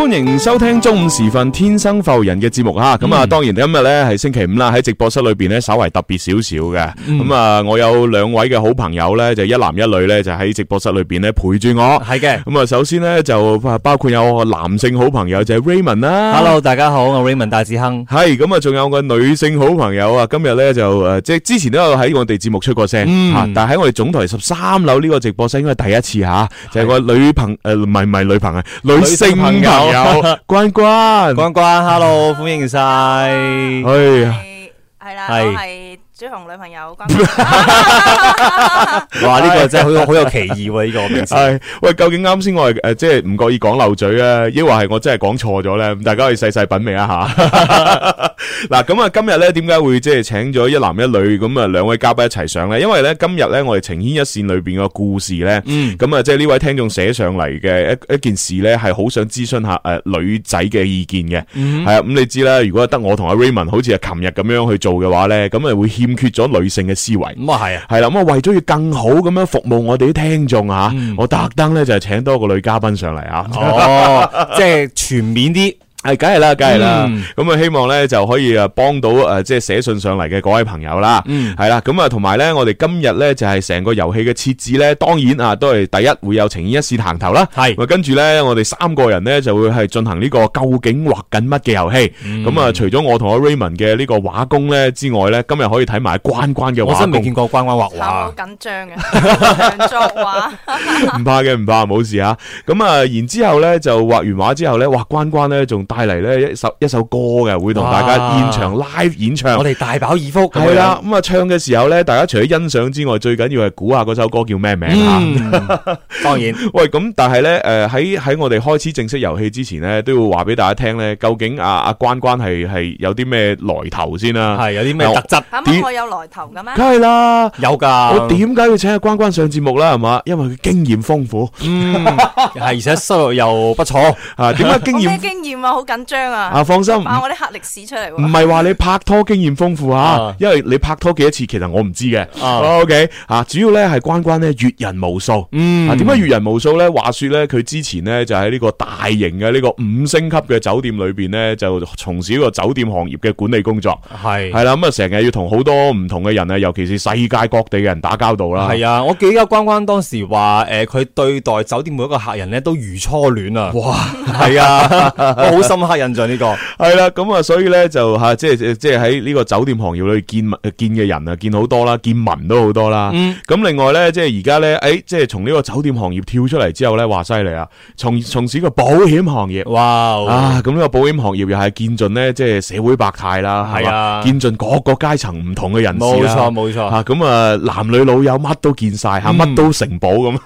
歡迎收聽中午時分天生浮人嘅節目吓，咁啊，嗯、當然今日咧係星期五啦，喺直播室裏邊咧稍為特別少少嘅，咁啊、嗯嗯，我有兩位嘅好朋友咧就一男一女咧就喺直播室裏邊咧陪住我，係嘅的，咁啊，首先呢，就包括有我男性好朋友就係 Raymond 啦，Hello，大家好，我 Raymond 大志亨，係，咁啊，仲有個女性好朋友啊，今日咧就誒即係之前都有喺我哋節目出過聲，嗯、但係喺我哋總台十三樓呢個直播室應該係第一次吓，就係、是、個女朋誒唔係唔係女朋友，女性朋友。女朋友有關關關關，hello，歡迎晒，係係啦，係。最同女朋友關、啊、 哇！呢、這個真係好 好，好有歧義喎，呢、這個。係、哎、喂，究竟啱先我係誒、呃、即係唔覺意講漏嘴啊，抑或係我真係講錯咗咧？咁大家可以細細品味一下。嗱，咁啊，今日咧點解會即係請咗一男一女咁啊兩位嘉賓一齊上咧？因為咧今日咧我哋情牽一線裏邊嘅故事咧，嗯，咁啊即係呢位聽眾寫上嚟嘅一一件事咧，係好想諮詢下誒女仔嘅意見嘅，嗯，係啊，咁你知啦，如果得我同阿 Raymond 好似係琴日咁樣去做嘅話咧，咁啊會。嗯欠缺咗女性嘅思維，咁啊，係啊，係啦，咁啊為咗要更好咁樣服務我哋啲聽眾吓，嗯、我特登咧就係請多個女嘉賓上嚟啊，哦、 即係全面啲。係，梗係啦，梗係啦。咁啊、嗯，希望咧就可以啊幫到誒，即係寫信上嚟嘅嗰位朋友啦。係啦、嗯，咁啊，同埋咧，我哋今日咧就係成個遊戲嘅設置咧，當然啊，都係第一會有情意一試行頭啦。係是，跟住咧，我哋三個人咧就會係進行呢個究竟畫緊乜嘅遊戲。咁啊、嗯，除咗我同阿 Raymond 嘅呢個畫工咧之外咧，今日可以睇埋關關嘅畫工。我真未見過關關畫畫，好緊張嘅，唔 怕嘅，唔怕，冇事啊。咁啊，然之後咧就畫完畫之後咧就畫完畫之後咧，畫關關咧仲～帶嚟咧一首一首歌嘅，會同大家現場哇 live 演唱。我哋大飽耳福。係啦，咁、嗯、啊唱嘅時候咧，大家除咗欣賞之外，最緊要係估下嗰首歌叫咩名，嗯、啊、嗯？當然，喂，咁但係咧，誒喺喺我哋開始正式遊戲之前咧，都要話俾大家聽咧，究竟阿、啊、阿關關係係有啲咩來頭先啦、啊？係有啲咩特質？點我有來頭咁樣梗係啦，有噶的。我點解要請阿關關上節目啦？係嘛，因為佢經驗豐富，係、嗯、 而且收入又不錯啊？點解經驗經驗啊？好緊張啊！啊，放心，我啲黑歷史出嚟，唔係話你拍拖經驗豐富吓，啊、因為你拍拖幾多次，其實我唔知嘅。啊、OK，吓、啊，主要咧係關關咧閱人無數。嗯，點解閱人無數咧？話說咧，佢之前咧就喺呢個大型嘅呢個五星級嘅酒店裏邊咧，就從事呢個酒店行業嘅管理工作。係係啦，咁啊成日要同好多唔同嘅人啊，尤其是世界各地嘅人打交道啦。係啊，我記得關關當時話誒，佢、呃、對待酒店每一個客人咧都如初戀啊！哇，係啊， 深刻印象、這個、 呢個係啦，咁啊，所以咧就吓，即係即係喺呢個酒店行業裏見見嘅人啊，見好多啦，見聞都好多啦。咁、嗯、另外咧，即係而家咧，誒、哎，即係從呢個酒店行業跳出嚟之後咧，話犀利啊，從從事個保險行業，哇、哦、啊，咁呢個保險行業又係見盡咧，即、就、係、是、社會百態啦，係啊，見盡各個階層唔同嘅人士、啊。冇錯，冇錯啊，咁啊，男女老幼乜都見晒吓，乜、嗯、都承保咁。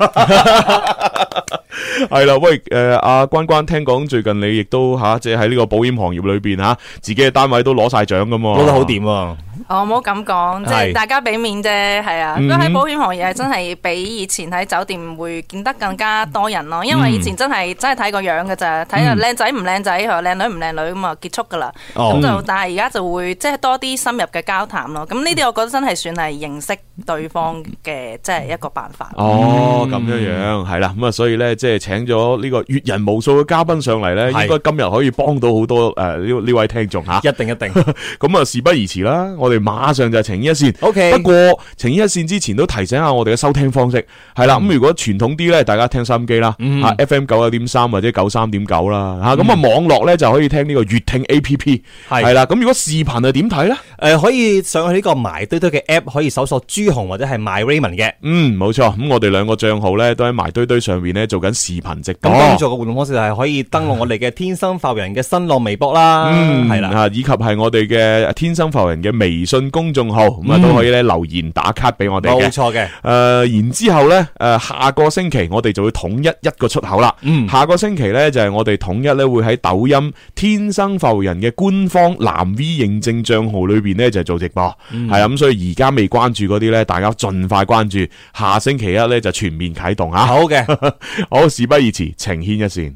係啦，喂，誒、呃，阿關關，聽講最近你亦都吓。啊或者喺呢個保險行業裏邊吓、啊，自己嘅單位都攞晒獎噶嘛，攞得好掂喎。哦，唔好咁講，即係大家俾面啫，係是啊。咁喺保險行業係真係比以前喺酒店會見得更加多人咯、啊，因為以前真係真係睇個樣噶咋，睇下靚仔唔靚仔嗬，靚女唔靚女咁啊結束噶啦。咁、哦、就、嗯、但係而家就會即係多啲深入嘅交談咯。咁呢啲我覺得真係算係認識對方嘅，即、就、係、是、一個辦法。哦，咁樣樣係啦。咁、嗯、啊，所以咧即係請咗呢個閱人無數嘅嘉賓上嚟咧，是應該今日可以。可以幫到好多誒呢呢位聽眾吓，啊、一定一定，咁啊 事不宜遲啦，我哋馬上就係晴天一線。O Okay , K，不過晴天一線之前都提醒下我哋嘅收聽方式係啦，咁、嗯、如果傳統啲咧，大家聽收音機啦，F M 九一點三或者九三點九啦，吓咁啊網絡咧就可以聽呢個粵聽 A P P 係啦，咁如果視頻係點睇咧？誒、呃、可以上去呢個埋堆堆嘅 A P P 可以搜索豬紅或者係 My Raymond 嘅，嗯冇錯，咁我哋兩個賬號咧都喺埋堆堆上面咧做緊視頻直播。咁今朝嘅活動方式係可以登錄我哋嘅天生發。人嘅新浪微博啦，嗯係啦吓，是以及係我哋嘅天生浮人嘅微信公眾號，咁啊、哦嗯、都可以咧留言打卡俾我哋冇錯嘅，誒、呃，然之後咧，誒、呃，下個星期我哋就會統一一個出口啦。嗯，下個星期咧就係、是、我哋統一咧會喺抖音天生浮人嘅官方藍 V 認證賬號裏邊咧就是、做直播，係咁、嗯。所以而家未關注嗰啲咧，大家盡快關注。下星期一咧就全面啟動吓、啊。好嘅的， 好事不宜遲，情牽一線。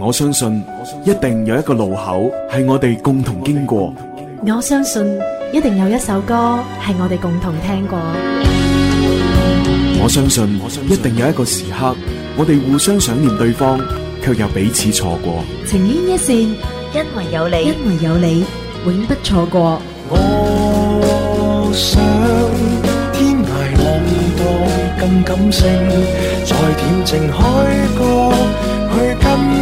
我相信一定有一個路口係我哋共同經過。我相信一定有一首歌係我哋共同聽過。我相信一定有一個時刻，我哋互相想念對方，卻又彼此錯過。情緣一線，因為有你，因為有你，永不錯過。我想天涯浪蕩更感性，在恬靜海角去跟。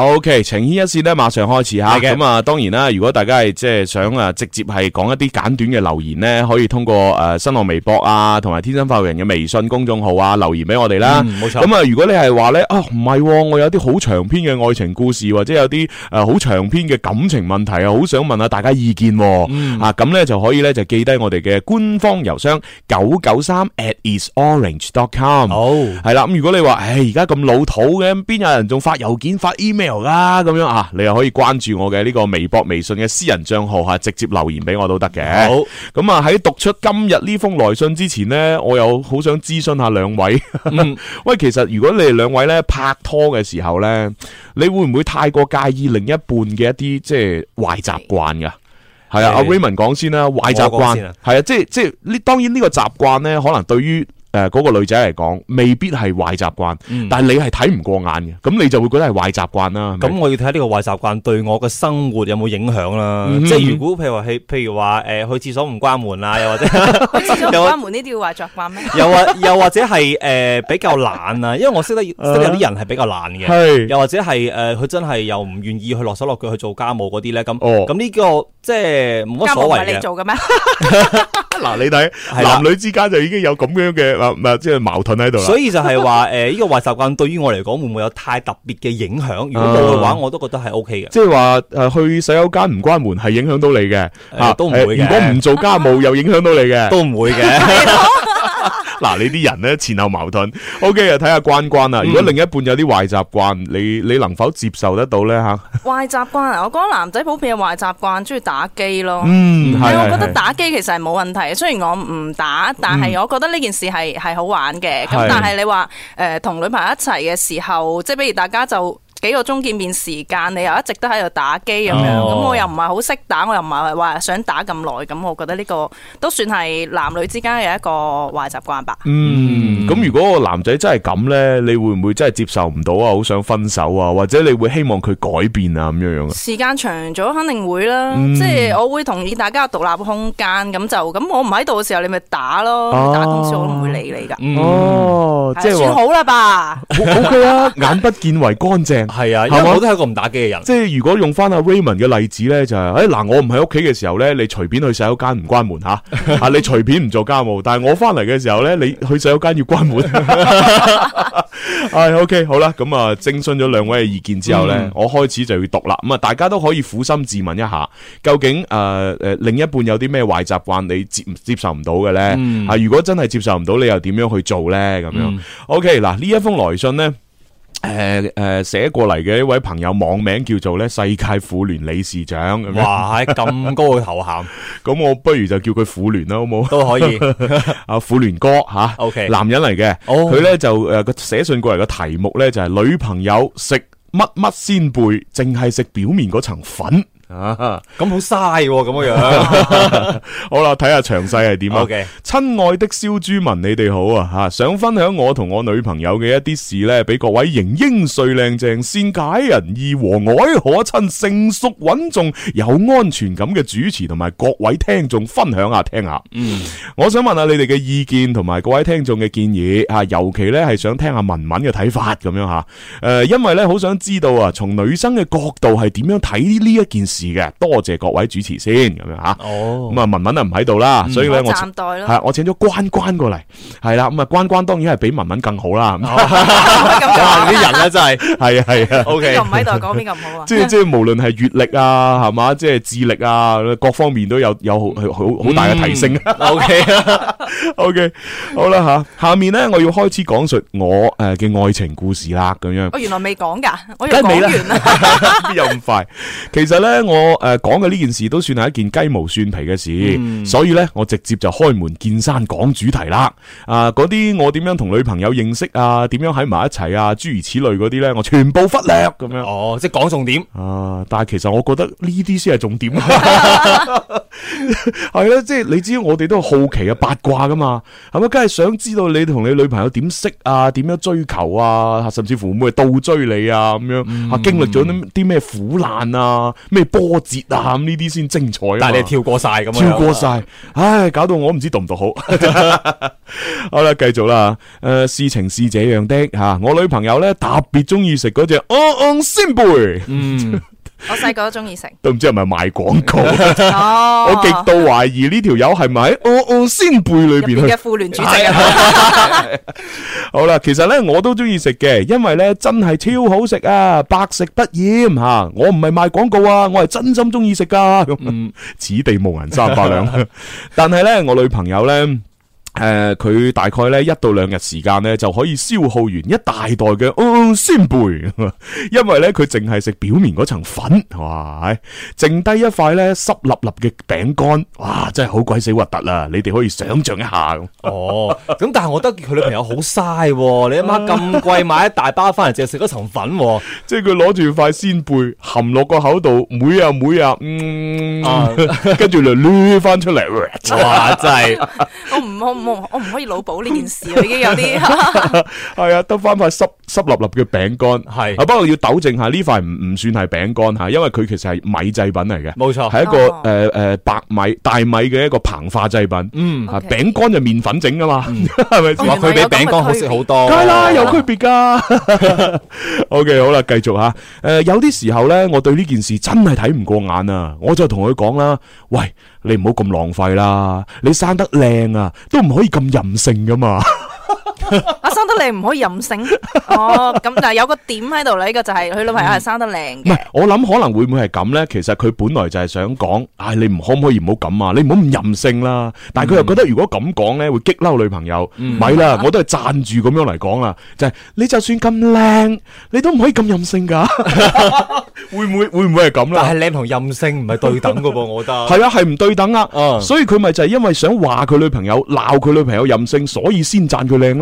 OK，情牽一線呢馬上開始吓。咁啊的，當然啦，如果大家係即係想啊，直接係講一啲簡短嘅留言咧，可以通過誒新浪微博啊，同埋《天生發育人》嘅微信公眾號啊，留言俾我哋啦。冇錯、嗯。咁啊，如果你係話咧，啊唔係，我有啲好長篇嘅愛情故事，或者有啲誒好長篇嘅感情問題啊，好想問下大家意見。嗯。啊，咁咧就可以咧就記低我哋嘅官方郵箱九九三 atisorange.com。好。係啦、oh，咁如果你話，誒而家咁老土嘅，邊有人仲發郵件發 email？.咁樣啊，你又可以關注我嘅呢個微博、微信嘅私人賬號吓，直接留言俾我都得嘅。好，咁啊喺讀出今日呢封來信之前呢，我又好想諮詢下兩位。喂、嗯， 其實如果你哋兩位咧拍拖嘅時候呢，你會唔會太過介意另一半嘅一啲即係壞習慣噶？係、就是嗯、啊，阿、啊、Raymond 講先啦，壞習慣係啊，即係即係呢。當然呢個習慣呢，可能對於。誒，嗰、呃那個女仔嚟講，未必係壞習慣，嗯、但係你係睇唔過眼嘅，咁你就會覺得係壞習慣啦。咁我要睇下呢個壞習慣對我嘅生活有冇影響啦、啊。嗯、即係如果譬如話，譬如話，誒、呃，去廁所唔關門啦、啊，又或者， 去廁所唔關門呢、啊？叫壞習慣咩？又或又或者係誒、 呃、比較懶啊？因為我識得識得有啲人係比較懶嘅，uh, 又或者係誒佢真係又唔願意去落手落腳去做家務嗰啲咧。咁咁呢個即係冇乜所謂嘅。家務唔係你做嘅咩？ 嗱、啊，你睇男女之間就已經有咁樣嘅嗱嗱，即係矛盾喺度啦。所以就係、呃這個、話，誒，呢個壞習慣對於我嚟講，會唔會有太特別嘅影響？如果冇嘅話，嗯、我都覺得係 OK 嘅。即係話誒，去洗手間唔關門係影響到你嘅，呃、都啊都唔會嘅。如果唔做家務又影響到你嘅，都唔會嘅。 嗱，你啲人咧，前後矛盾。OK 啊，睇下關關啊，如果另一半有啲壞習慣，你你能否接受得到咧？吓，壞習慣啊，我覺得男仔普遍嘅壞習慣，中意打機咯。嗯，係。我覺得打機其實係冇問題，雖然我唔打，但係我覺得呢件事係、嗯、係好玩嘅。咁但係你話呃、同女朋友一齊嘅時候，即係比如大家就。幾個鐘見面時間，你又一直都喺度打機咁樣，咁、哦、我又唔係好識打，我又唔係話想打咁耐，咁我覺得呢個都算係男女之間嘅一個壞習慣吧。嗯，咁如果個男仔真係咁呢，你會唔會真係接受唔到啊？好想分手啊？或者你會希望佢改變啊？咁樣樣？時間長咗肯定會啦，嗯、即係我會同意大家獨立空間咁就咁，咁我唔喺度嘅時候你咪打咯，啊、打通宵我唔會理你噶。哦，即係算好啦吧，好 K 啦，眼不見為乾淨。係啊，因為我都係一個唔打機嘅人。即係如果用翻阿 Raymond 嘅例子咧，就係、是，誒嗱，我唔喺屋企嘅時候咧，你隨便去洗手間唔關門吓，啊、 你隨便唔做家務，但係我翻嚟嘅時候咧，你去洗手間要關門。係 OK，好啦，咁啊徵詢咗兩位嘅意見之後咧，嗯、我開始就要讀啦。咁啊，大家都可以苦心自問一下，究竟誒誒、呃、另一半有啲咩壞習慣你接接受唔到嘅咧？啊、嗯，如果真係接受唔到，你又點樣去做咧？咁樣、嗯、OK，嗱呢一封來信咧。誒誒，寫、呃呃、過嚟嘅一位朋友網名叫做咧世界婦聯理事長，哇，喺咁嗎高嘅頭銜，咁 我不如就叫佢婦聯啦，好唔好？都可以，阿婦聯哥吓、啊、OK，男人嚟嘅，佢咧、oh. 就誒個寫信過嚟嘅題目咧就係、是、女朋友食乜乜先輩，淨係食表面嗰層粉。啊，咁、啊、 好嘥咁樣樣，好啦，睇下詳細係點啊。親愛的肖豬文，你哋好啊，吓，想分享我同我女朋友嘅一啲事呢，俾各位型英帥、靚正、善解人意和、和藹可親、成熟穩重有安全感嘅主持同埋各位聽眾分享下聽下。嗯，我想問下你哋嘅意見同埋各位聽眾嘅建議吓、啊，尤其呢係想聽下文文嘅睇法咁樣吓。誒、啊，因為呢，好想知道啊，從女生嘅角度係點樣睇呢一件事？嘅多謝各位主持先咁樣吓，哦，咁啊文文啊唔喺度啦，所以咧我係我請咗關關過嚟係啦，咁啊關關當然係比文文更好啦，啲人咧真係係啊係啊，O K 唔喺度講邊咁好啊，即係即係無論係閱歷啊係嘛，即係智力啊各方面都有有好好好大嘅提升，O K O K 好啦吓，下面咧我要開始講述我誒嘅愛情故事啦，咁樣我原來未講噶，我未完啦，又咁快，其實咧。我誒講嘅呢件事都算係一件雞毛蒜皮嘅事，嗯、所以呢，我直接就開門見山講主題啦。啊，嗰啲我點樣同女朋友認識啊，點樣喺埋一齊啊，諸如此類嗰啲呢，我全部忽略咁樣。哦，即係講重點啊！但係其實我覺得呢啲先係重點 啊，係咯，即係你知道我哋都好奇啊八卦噶嘛，係咪？梗係想知道你同你女朋友點識啊，點樣追求啊，甚至乎會唔會倒追你啊？咁樣啊，嗯、經歷咗啲咩苦難啊，咩？波折啊！咁呢啲先精彩，但係你跳過晒咁啊！跳過晒，唉，搞到我唔知讀唔讀好。 好啦，繼續啦。誒、呃，事情是這樣的吓、啊，我女朋友咧特別中意食嗰隻安安鮮貝。嗯。嗯我細個都中意食，都唔知係咪賣廣告。我極度懷疑呢條友係咪我暗先輩裏邊面嘅婦聯主席。 好啦，其實呢我都中意食嘅，因為呢真係超好食啊，百食不厭吓。我唔係賣廣告啊，我係真心中意食㗎。 此地無銀三百兩。 但係呢我女朋友呢。誒，佢、呃、大概咧一到兩日時間咧就可以消耗完一大袋嘅鮮貝，因為咧佢淨係食表面嗰層粉，哇，剩低一塊咧濕粒粒嘅餅乾，哇，真係好鬼死核突啦！你哋可以想象一下。哦，咁 但係我覺得佢女朋友好嘥，你阿媽咁貴買一大包翻嚟，淨係食一層粉，即係佢攞住塊鮮貝含落個口度，每啊每啊，嗯，跟住、啊、就捋翻出嚟，啊、哇，真係，唔好不。 我唔可以老保呢 件事啦，已經有啲係 啊，得翻塊濕濕立立嘅餅乾，係是啊，不過要糾正下呢塊唔唔算係餅乾吓，因為佢其實係米製品嚟嘅，冇錯錯，係一個誒誒、哦呃呃、白米大米嘅一個膨化製品，嗯，Okay 啊，餅乾就麵粉整噶嘛，係咪、嗯？先？ 佢比餅乾好食好多，梗啦， 有區別噶。 o、okay, K，好啦，繼續吓，誒、呃，有啲時候咧，我對呢件事真係睇唔過眼啊，我就同佢講啦，喂。你唔好咁浪費啦！你生得靚啊，都唔可以咁任性㗎嘛～我生得靚唔可以任性哦，咁但係有個點喺度呢，呢個就係佢女朋友係生得靚。唔係，我諗可能會唔會係咁呢？其實佢本來就係想講，唉，你唔可唔可以唔好咁啊，你唔好咁任性啦。但係佢又覺得如果咁講呢，會激嬲女朋友。唔係啦，我都係讚住咁樣嚟講啦，就係你就算咁靚，你都唔可以咁任性噶。會唔會會唔會係咁啦？但係靚同任性唔係對等噶噃，我覺得係啊，係唔對等啊。嗯，所以佢咪就係因為想話佢女朋友鬧佢女朋友任性，所以先讚佢靚。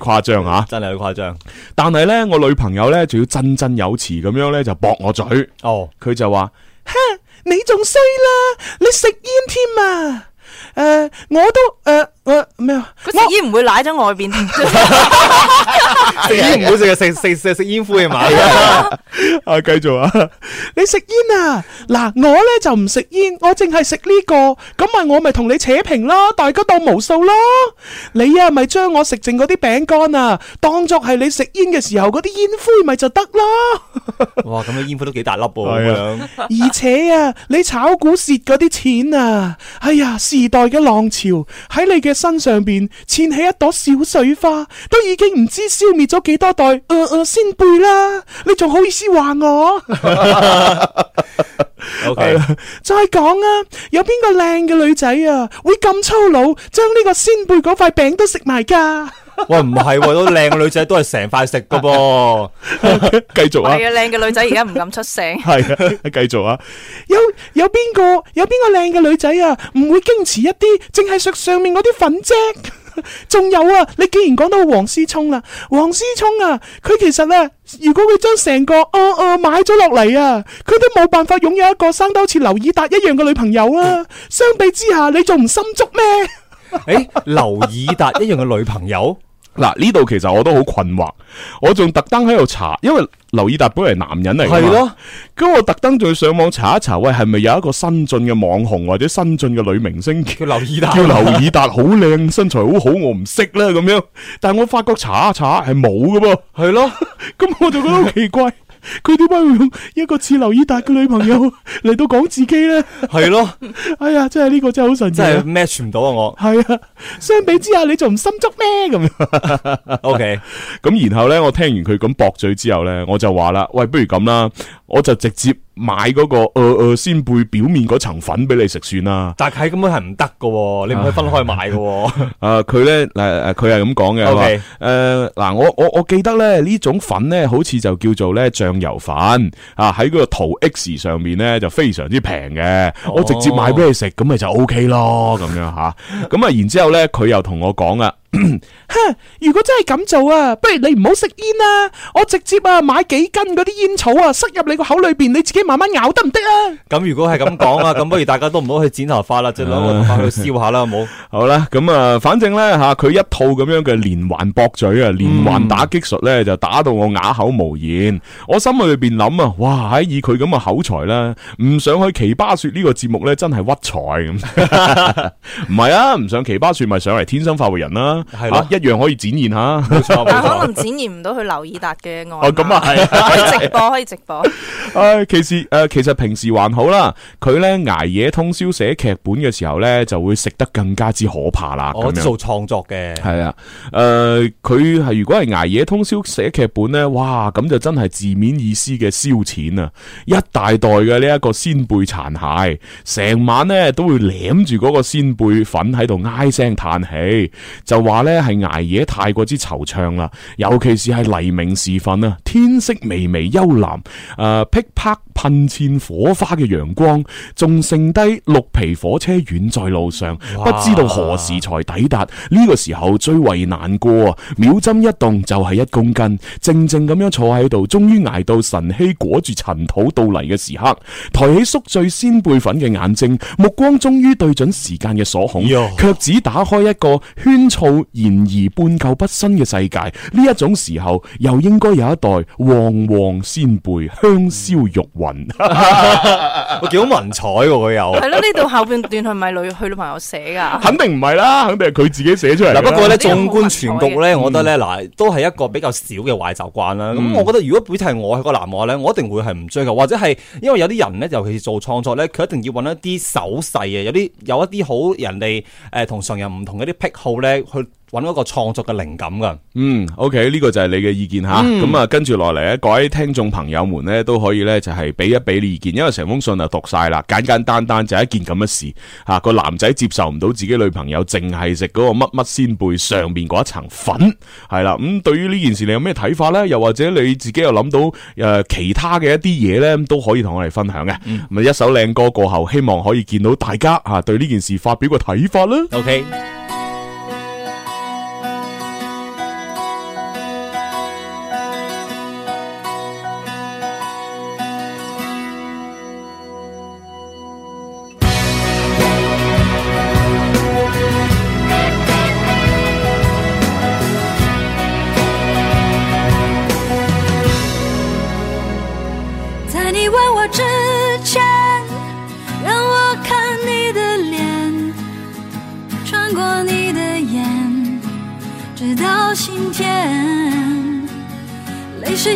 誇張吓，真係好誇張。但係呢，我女朋友呢，仲要振振有詞咁樣呢，就駁我嘴。哦，佢就話：，哈，你仲衰啦，你食煙添啊？誒、呃，我都誒。呃咩啊？食煙唔會瀨咗外邊， 食煙唔好食，食食食煙灰嘛。 啊，繼續啊！你食煙啊？嗱，我咧就唔食煙，我淨係食呢個，咁咪我咪同你扯平咯，大家當無數咯。你啊，咪將我食剩嗰啲餅乾啊，當作係你食煙嘅時候嗰啲煙灰咪就得咯。哇，咁樣煙灰都幾大粒噃、啊，係啊、而且啊，你炒股蝕嗰啲錢啊，哎呀，時代嘅浪潮喺你嘅。身上邊濺起一朵小水花，都已經唔知消滅咗幾多代，呃呃，仙貝啦！你仲好意思話我 ？OK，再講啊，有邊個靚嘅女仔啊，會咁粗魯，將呢個仙貝嗰塊餅都食埋噶？喂，唔係、啊，都靚嘅女仔都係成塊食嘅噃，繼 續啊！係啊，靚嘅女仔而家唔敢出聲，係啊繼續啊！有有邊個有邊個靚嘅女仔啊？唔會矜持一啲，淨係食上面嗰啲粉啫。仲有啊，你既然講到黃思聰啊黃思聰啊，佢其實咧、啊，如果佢將成個惡、啊、惡、啊、買咗落嚟啊，佢都冇辦法擁有一個生得好似劉爾達一樣嘅女朋友啊。相比之下，你仲唔心足咩？誒、欸，劉爾達一樣嘅女朋友？ 嗱，呢度其實我都好困惑，我仲特登喺度查，因為劉以達本來係男人嚟，係咯、啊，咁我特登仲要上網查一查，喂，係咪有一個新晉嘅網紅或者新晉嘅女明星叫劉以達，叫劉以達好靚，身材好好，我唔識啦咁樣，但係我發覺查一查係冇㗎噃，係咯是、啊，咁 我就覺得好奇怪。 佢點解會用一個似劉以達嘅女朋友嚟到講自己咧？係咯的， 哎呀，真係呢、這個真係好神、啊真不不，真係 match 唔到啊！我係啊，相比之下你仲唔心足咩？咁 樣，ok，咁然後咧，我聽完佢咁駁嘴之後咧，我就話啦，喂，不如咁啦。我就直接買嗰、那個誒誒、呃呃、仙貝表面嗰層粉俾你食算啦。但係根本係唔得噶，你唔可以分開買噶。誒 、呃，佢咧誒，佢係咁講嘅。誒，嗱 Okay.、呃，我我我記得咧呢種粉咧，好似就叫做咧醬油粉啊，喺嗰個淘 X 上面咧就非常之平嘅。Oh. 我直接買俾你食，咁咪就 O K 咯，咁樣吓。咁啊，然之後咧，佢又同我講啦。哼， 如果真係咁做啊，不如你唔好食煙啊。我直接啊買幾斤嗰啲煙草啊塞入你個口裏邊，你自己慢慢咬得唔得啊？咁如果係咁講啊，咁 不如大家都唔好去剪頭髮啦，即係攞個頭髮去燒下啦，好冇？好啦，咁啊，反正咧吓，佢一套咁樣嘅連環駁嘴啊，連環打擊術咧就打到我啞口無言。我心裏邊諗啊，哇，喺以佢咁嘅口才啦，唔上去《奇葩說》呢個節目咧，真係屈才咁。唔 係啊，唔上《奇葩說》咪上嚟《天生發布人》啦。係咯，啊、一樣可以展現吓，冇錯 但可能展現唔到佢劉以達嘅愛。咁啊係，直播可以直播。直播 其實誒、呃，其實平時還好啦。佢咧挨夜通宵寫劇本嘅時候咧，就會食得更加之可怕啦。我做創作嘅，係啊，誒、呃，佢係如果係挨夜通宵寫劇本咧，哇，咁就真係字面意思嘅燒錢啊！一大袋嘅呢一個仙貝殘骸，成晚咧都會攬住嗰個仙貝粉喺度唉聲嘆氣，就話。話咧係捱夜太過之惆悵啦，尤其是係黎明時分啊，天色微微幽藍，誒、呃，噼啪噴濺火花嘅陽光，仲剩低綠皮火車遠在路上，哇不知道何時才抵達呢哇個時候最為難過啊！秒針一動就係一公斤，靜靜咁樣坐喺度，終於捱到晨曦裹住塵土到嚟嘅時刻，抬起宿醉先輩粉嘅眼睛，目光終於對準時間嘅鎖孔，卻只呦打開一個圈草。然而半舊不新嘅世界，呢一種時候又應該有一代旺旺先輩香消玉殞。幾好，好文采喎，佢又係咯。呢度後半段係咪女佢女朋友寫噶？ 肯定唔係啦，肯定係佢自己寫出嚟、啊。不過咧，縱觀全局咧，我覺得咧嗱，都係一個比較少嘅壞習慣啦。咁、嗯嗯、我覺得，如果本身係我個男話咧，我一定會係唔追求，或者係因為有啲人咧，尤其是做創作咧，佢一定要揾一啲手勢啊，有啲有一啲好人哋誒、呃、同常人唔同嘅啲癖好咧去。揾嗰個創作嘅靈感噶、嗯，嗯，OK，呢個就係你嘅意見吓，咁啊、嗯、跟住落嚟咧，各位聽眾朋友們呢，都可以呢，就係俾一俾你意見，因為成封信就讀晒啦，簡簡單單，單就一件咁嘅事吓，個、啊、男仔接受唔到自己女朋友淨係食嗰個乜乜仙貝上面嗰一層粉，係啦，咁、嗯、對於呢件事你有咩睇法？呢又或者你自己又諗到誒、呃、其他嘅一啲嘢呢，都可以同我哋分享嘅。咁、嗯、一首靚歌過後，希望可以見到大家吓、啊、對呢件事發表個睇法啦。OK。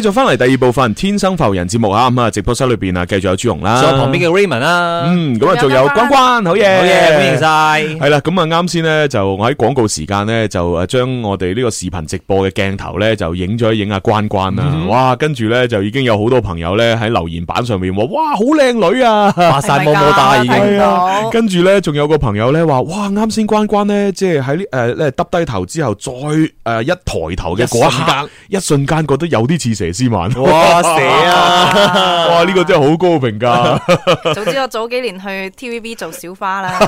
繼續翻嚟第二部分《天生浮人》節目啊，咁啊直播室裏邊啊，繼續有豬紅啦，仲有旁邊嘅 Raymond 啦，嗯，咁啊仲有關關，好嘢，好嘢，歡迎晒，係啦，咁啊啱先咧就我喺廣告時間咧就誒將我哋呢個視頻直播嘅鏡頭咧就影咗一影啊。關關啊，嗯、哼哇，跟住咧就已經有好多朋友咧喺留言板上面話哇好靚女啊，發晒摩摩噠已經，跟住咧仲有個朋友咧話哇啱先關關咧即係喺呢誒咧耷低頭之後再誒、呃、一抬頭嘅嗰一刻，啊，一瞬間覺得有啲似蛇。佘詩曼，哇死啊！哇、呢、呢個真係好高嘅評價。早知我早幾年去 TVB 做小花啦，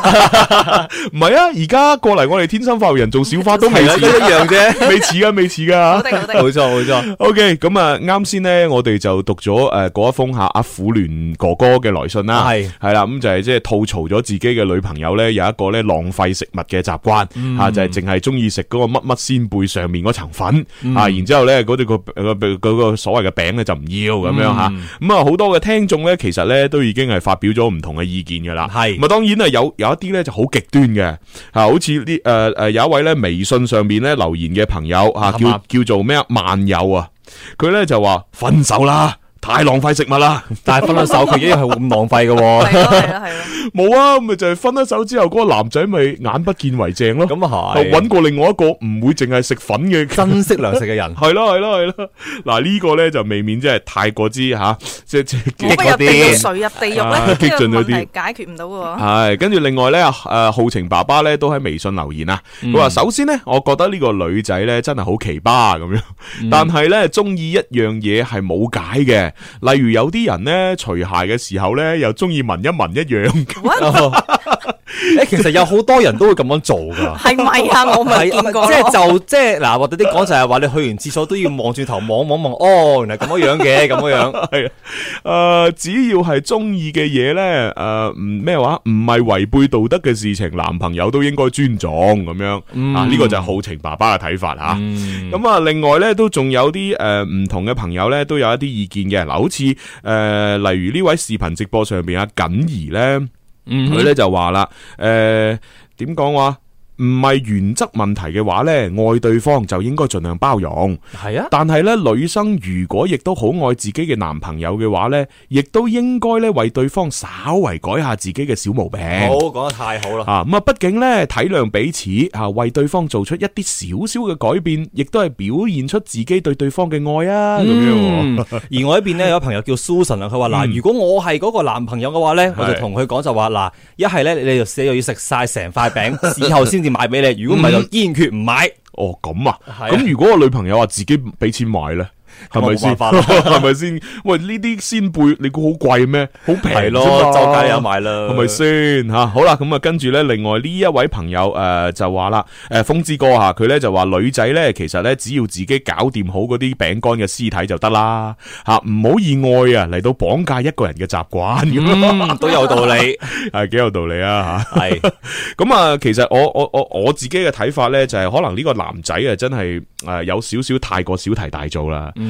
唔係啊！而家過嚟我哋天生發育人做小花都未似一樣啫，未似噶，未似噶，冇錯冇錯。 OK，咁啊，啱先呢，我哋就讀咗誒嗰一封吓阿婦聯哥哥嘅來信啦，係係啦，咁就係即係吐槽咗自己嘅女朋友咧有一個咧浪費食物嘅習慣啊，就係淨係中意食嗰個乜乜鮮貝上面嗰層粉、嗯、啊，然之後咧嗰啲個個。那個那個所謂嘅餅咧就唔要咁樣吓，咁啊好多嘅聽眾咧，其實咧都已經係發表咗唔同嘅意見噶啦，係，咁啊當然啊有有一啲咧就好極端嘅，吓，好似呢誒誒有一位咧微信上邊咧留言嘅朋友吓，叫吧叫做咩啊萬友啊，佢咧就話分手啦。太浪費食物啦！但係分咗手，佢一樣係咁浪費嘅。係咯係咯冇啊，咪就係分咗手之後，嗰個男仔咪眼不見為淨咯。咁啊係，揾過另外一個唔會淨係食粉嘅珍惜糧食嘅人。係啦係啦係啦，嗱呢個咧就未免真係太過之吓，即係激嗰啲水入地獄咧，激進咗啲，解決唔到。係跟住另外咧，誒，浩情爸爸咧都喺微信留言啊，佢話首先咧，我覺得呢個女仔咧真係好奇葩咁樣，但係咧中意一樣嘢係冇解嘅。例如有啲人咧除鞋嘅時候咧，又中意聞一聞一樣。誒，其實有好多人都會咁樣做噶，係咪啊？我唔係點講，即係就即係嗱，或者啲講就係話你去完廁所都要望住頭望望望，哦，原來咁樣樣嘅，咁樣樣係啊。誒，只要係中意嘅嘢咧，誒、呃，唔咩話唔係違背道德嘅事情，男朋友都應該尊重咁樣。啊，呢個就係好情爸爸嘅睇法吓。咁啊，嗯、另外咧都仲有啲誒唔同嘅朋友咧都有一啲意見嘅。嗱，好似誒、呃、例如呢位視頻直播上邊阿錦兒咧，嗯，佢咧就話啦，誒點講話？唔係原則問題嘅話咧，愛對方就應該盡量包容。係啊，但係咧，女生如果亦都好愛自己嘅男朋友嘅話咧，亦都應該咧為對方稍微改下自己嘅小毛病。好講得太好啦嚇！咁啊，畢竟咧體諒彼此嚇，啊，為對方做出一啲少少嘅改變，亦都係表現出自己對對方嘅愛啊咁樣。嗯啊、而我呢邊咧 有朋友叫 Susan 啊，佢話嗱，如果我係嗰個男朋友嘅話咧，我就同佢講就話嗱，一係咧你就死又要食晒成塊餅，以後先至。買俾你，如果唔係就堅決唔買。嗯，哦，咁啊，咁如果我女朋友話自己俾錢買咧？係咪先？係咪 先？喂，呢啲鮮貝，你估好貴咩？好平咯，周街有賣啦，係咪先？吓、啊，好啦，咁啊，跟住咧，另外呢一位朋友誒、呃，就話啦，誒、呃，風之哥吓、啊，佢咧就話女仔咧，其實咧，只要自己搞掂好嗰啲餅乾嘅屍體就得啦，吓唔好意外啊嚟到綁架一個人嘅習慣咁，都有道理，係幾、 啊、有道理啊吓，係咁啊是、 嗯，其實我我我我自己嘅睇法咧，就係、是、可能呢個男仔啊，真係誒有少少太過小題大做啦。嗯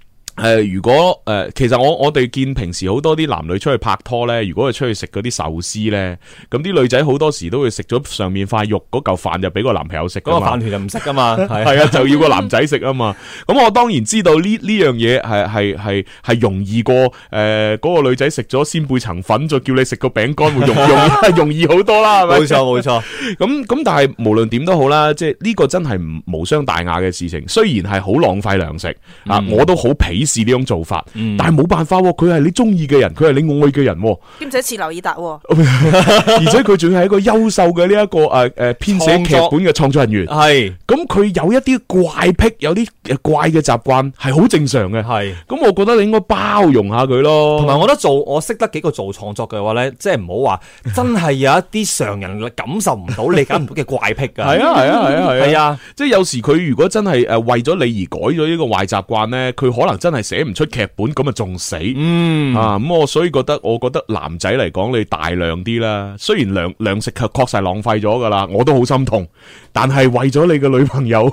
誒、呃，如果誒、呃，其實我我哋見平時好多啲男女出去拍拖咧，如果去出去食嗰啲壽司咧，咁啲女仔好多時都會食咗上面塊肉嗰嚿飯就俾個男朋友食。嗰個飯團就唔食㗎嘛，係啊， 就要個男仔食啊嘛。咁 我當然知道呢呢 樣嘢係係係係容易過誒嗰、呃那個女仔食咗先輩層粉，再叫你食個餅乾會容易 容易好多啦，係咪 錯？冇錯冇錯，咁咁但係無論點都好啦，即係呢、這個真係無傷大雅嘅事情，雖然係好浪費糧食啊，嗯、我都好鄙。是呢種做法，但係冇辦法，佢係你中意嘅人，佢係你愛嘅人。兼且似劉以達，而且佢仲係一個優秀嘅呢一個誒誒，編寫劇本嘅創作人員。係是，咁佢有一啲怪癖，有啲怪嘅習慣，係好正常嘅。係是，咁我覺得你應該包容下佢咯。同埋，我覺得做我識得幾個做創作嘅話咧，即係唔好話真係有一啲常人感受唔到、理解唔到嘅怪癖嘅。係啊，係啊，係啊，係啊，即係有時佢如果真係誒為咗你而改咗呢個壞習慣咧，佢可能真。真係寫唔出劇本，咁啊仲死，嗯、啊咁我所以我覺得，我覺得男仔嚟講，你大量啲啦。雖然糧糧食確實浪費咗噶啦，我都好心痛。但係為咗你嘅女朋友，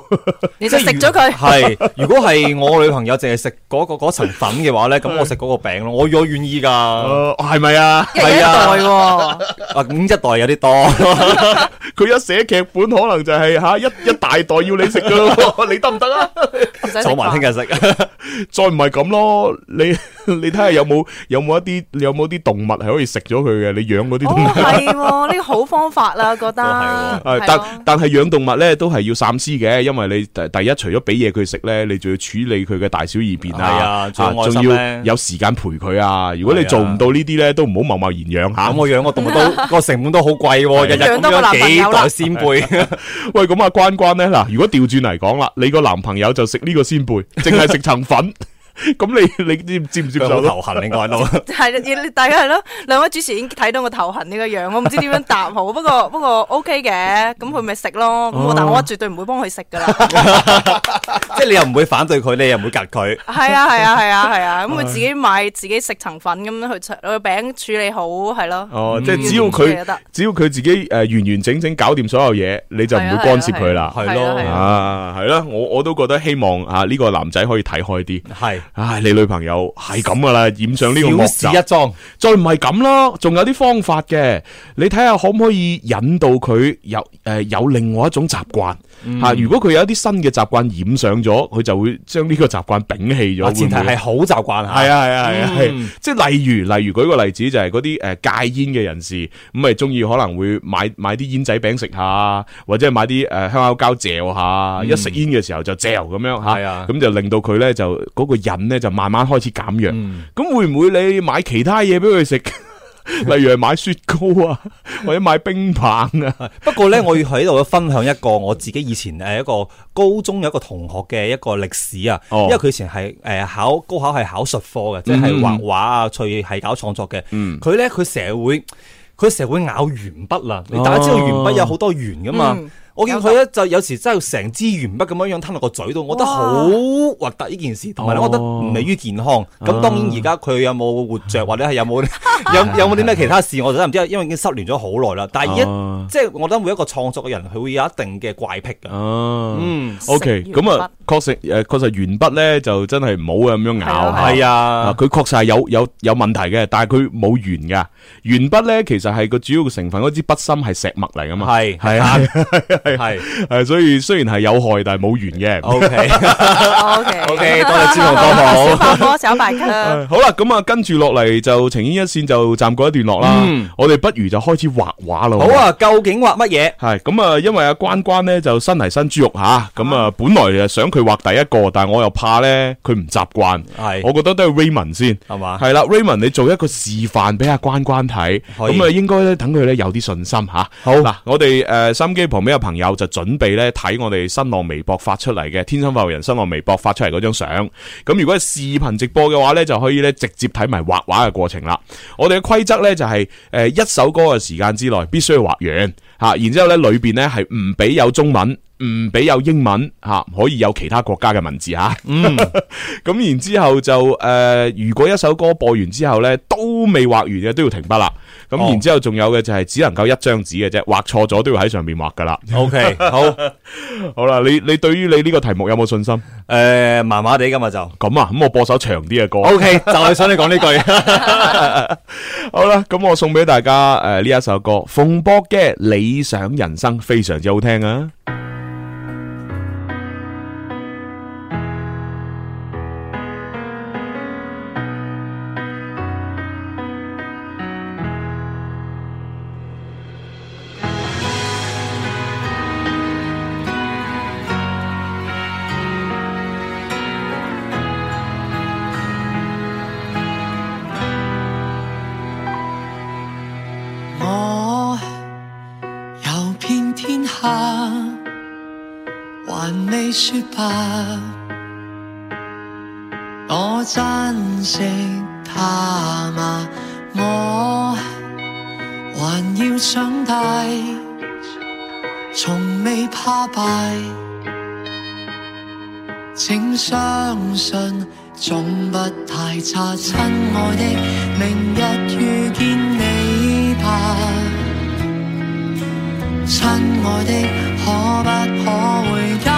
你就食咗佢。係，如果係我女朋友淨係食嗰個嗰層粉嘅話咧，咁我食嗰個餅咯，我我願意噶。係咪啊？係啊，啊咁一袋有啲多。佢一寫劇本可能就係吓一一大袋要你食噶，你得唔得啊？坐埋聽日食，再唔係咁咯。你你睇下有冇有冇一啲有冇啲動物係可以食咗佢嘅？你養嗰啲動物係喎，呢個好方法啦，覺得係。但但係養。動物咧都係要三思嘅，因為你第第一除咗俾嘢佢食咧，你仲要處理佢嘅大小二便啊，仲、啊、要有時間陪佢啊。如果你做唔到呢啲咧，都唔好貿貿然養吓，咁我養個動物都個 成本都好貴，日日咁樣幾袋仙貝。喂，咁啊關關咧嗱，如果調轉嚟講啦，你個男朋友就食呢個仙貝，淨係食層粉。 咁你你唔知唔知受頭痕？另外，係咯， 大家係咯，兩位主持已經睇到我頭痕呢個樣，我唔知點樣答好。 不過不過，O K 嘅，咁佢咪食咯。咁但、哦、我,我絕對唔會幫佢食噶啦。即係你又唔會反對佢，你又唔會夾佢。係啊係啊係啊係啊，咁佢自己買自己食層粉咁樣去去餅處理好，係咯、啊。哦、啊，即係只要佢只要佢自己誒完完整整搞掂所有嘢，你就唔會干涉佢啦。係咯、啊，啊係咯，我我都覺得希望啊呢個男仔可以睇開啲。係。唉，你女朋友係咁噶啦，染上呢個惡習，小事一樁。再唔係咁咯，仲有啲方法嘅。你睇下可唔可以引導佢有誒、呃、有另外一種習慣。吓，嗯、如果佢有一啲新嘅習慣染上咗，佢就會將呢個習慣摒棄咗、啊。前提係好習慣吓，係啊係啊係啊，即係、啊啊嗯、例如例如舉個例子就係嗰啲誒戒煙嘅人士，咁咪中意可能會買買啲煙仔餅食下，或者買啲誒香口膠嚼下，嗯、一食煙嘅時候就嚼咁、嗯、樣吓，咁、啊、就令到佢咧就嗰個癮咧就慢慢開始減弱。咁、嗯、會唔會你買其他嘢俾佢食？ 例如係買雪糕啊，或者買冰棒啊。 不過咧，我要喺度分享一個我自己以前誒一個高中有一個同學嘅一個歷史啊。哦、因為佢以前係誒考高考係考術科嘅，嗯、即係畫畫啊，隨係搞創作嘅。嗯他呢，佢咧佢成日會佢成日會咬鉛筆啦。你大家知道鉛筆有好多鉛噶嘛？哦嗯我見佢呢，就有時真係成支鉛筆咁樣樣吞落個嘴度，我覺得好核突呢件事，同埋我覺得唔利於健康。咁、哦、當然而家佢有冇活著或者係有冇有 有冇啲咩其他事，我真係唔知，因為已經失聯咗好耐啦。但係一、哦、即係我覺得每一個創作嘅人，佢會有一定嘅怪癖、哦、嗯，OK，咁啊，確實、啊、確實鉛筆咧就真係唔好咁樣咬係啊！佢、啊啊啊、確實係有有有問題嘅，但係佢冇鉛噶。鉛筆咧其實係個主要成分嗰支筆芯係石墨嚟㗎嘛，係係是啊。 係，所以雖然係有害，但係冇完嘅。O K，O K，O K，多謝指導，多好，小百科，小百科。好啦，咁啊，跟住落嚟就情牽一線就暫告一段落啦。嗯，我哋不如就開始畫畫咯。好啊，究竟畫乜嘢？係咁啊，因為阿關關咧就新嚟新豬肉吓，咁啊本來想佢畫第一個，但係我又怕咧佢唔習慣。係，我覺得都係 Raymond 先，係嘛？係啦，Raymond，你做一個示範俾阿關關睇，咁啊應該咧等佢咧有啲信心吓。好嗱，我哋誒收音機旁邊有朋有就準備咧睇我哋新浪微博發出嚟嘅天生發育人新浪微博發出嚟嗰張相，咁如果係視頻直播嘅話咧，就可以咧直接睇埋畫畫嘅過程啦。我哋嘅規則咧就係、是，誒一首歌嘅時間之內必須要畫完吓，然之後咧裏邊咧係唔俾有中文。唔俾有英文吓、啊，可以有其他國家嘅文字吓。啊、嗯，咁 然之後就誒、呃，如果一首歌播完之後呢，都未畫完嘅都要停筆啦。咁然之後仲、哦、有嘅就係只能夠一張紙嘅啫，畫錯咗都要喺上面畫噶啦。O、okay, K，好 好啦，你你對於你呢個題目有冇信心？誒、呃，麻麻地噶嘛就咁啊，咁我播首長啲嘅歌。O、okay, K，就係想你講呢句。 好啦，咁我送俾大家誒呢、呃、一首歌，馮博嘅理想人生非常之好聽啊。吧，我珍惜他嗎，我還要長大，從未怕敗，請相信總不太差，親愛的，明日遇見你吧，親愛的，可不可回？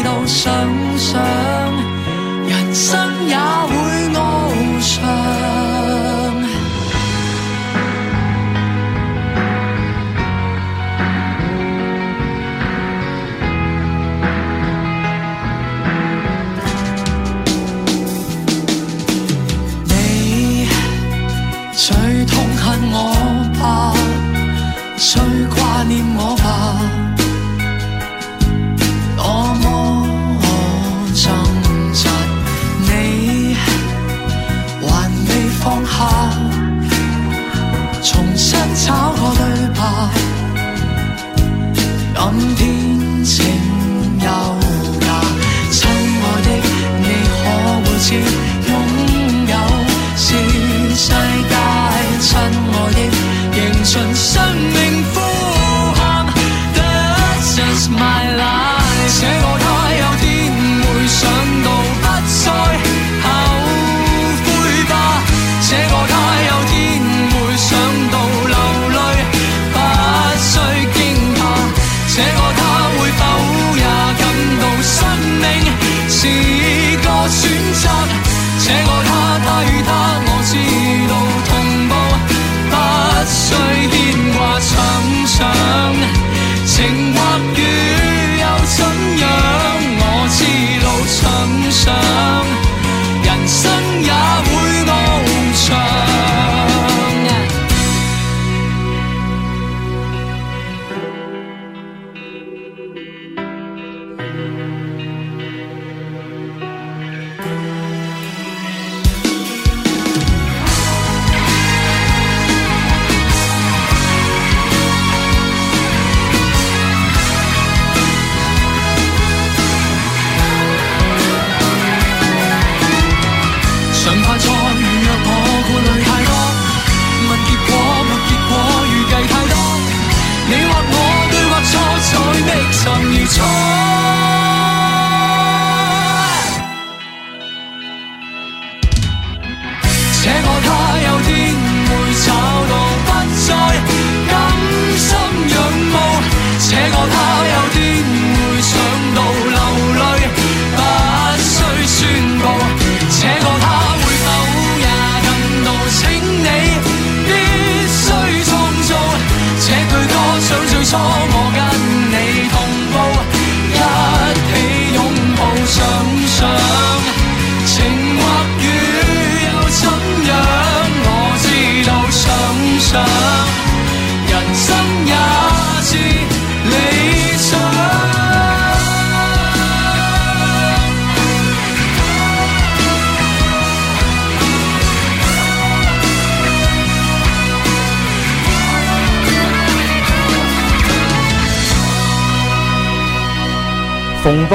想想，人生也。找個對白。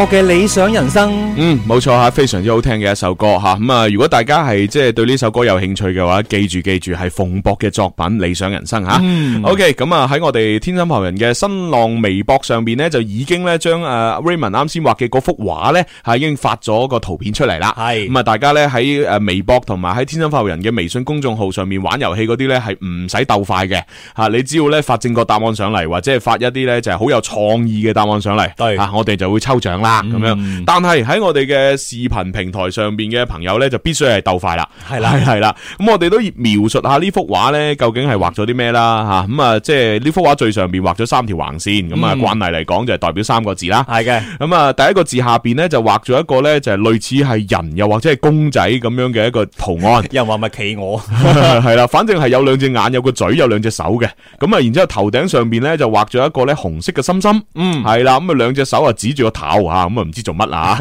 嘅理想人生，嗯，冇錯吓，非常之好聽嘅一首歌吓。咁啊，如果大家係即係對呢首歌有興趣嘅話，記住記住係馮博嘅作品《理想人生》吓、啊。嗯，OK，咁啊喺我哋天生發人嘅新浪微博上邊咧，就已經咧將誒 Raymond 啱先畫嘅嗰幅畫咧，吓、啊、已經發咗個圖片出嚟啦。係咁對啊，大家咧喺誒微博同埋喺天生發人嘅微信公眾號上面玩遊戲嗰啲咧，係唔使鬥快嘅吓、啊，你只要咧發正確答案上嚟，或者係發一啲咧就係好有創意嘅答案上嚟，對吓、啊，我哋就會抽獎啦。咁、嗯、樣，但係喺我哋嘅視頻平台上邊嘅朋友咧，就必須係鬥快啦，係啦的，係啦的，咁我哋都描述下幅畫呢幅畫咧，究竟係畫咗啲咩啦？吓，咁啊，嗯、即係呢幅畫最上邊畫咗三條橫線，咁啊慣例嚟講就係代表三個字啦。係嘅是的、嗯，咁啊第一個字下邊咧就畫咗一個咧就係類似係人又或者係公仔咁樣嘅一個圖案。有人話咪企鵝，係啦，反正係有兩隻眼，有個嘴，有兩隻手嘅。咁啊，然之後頭頂上邊咧就畫咗一個咧紅色嘅心心。嗯，係啦，咁啊兩隻手啊指住個頭啊。咁啊，唔知做乜啦。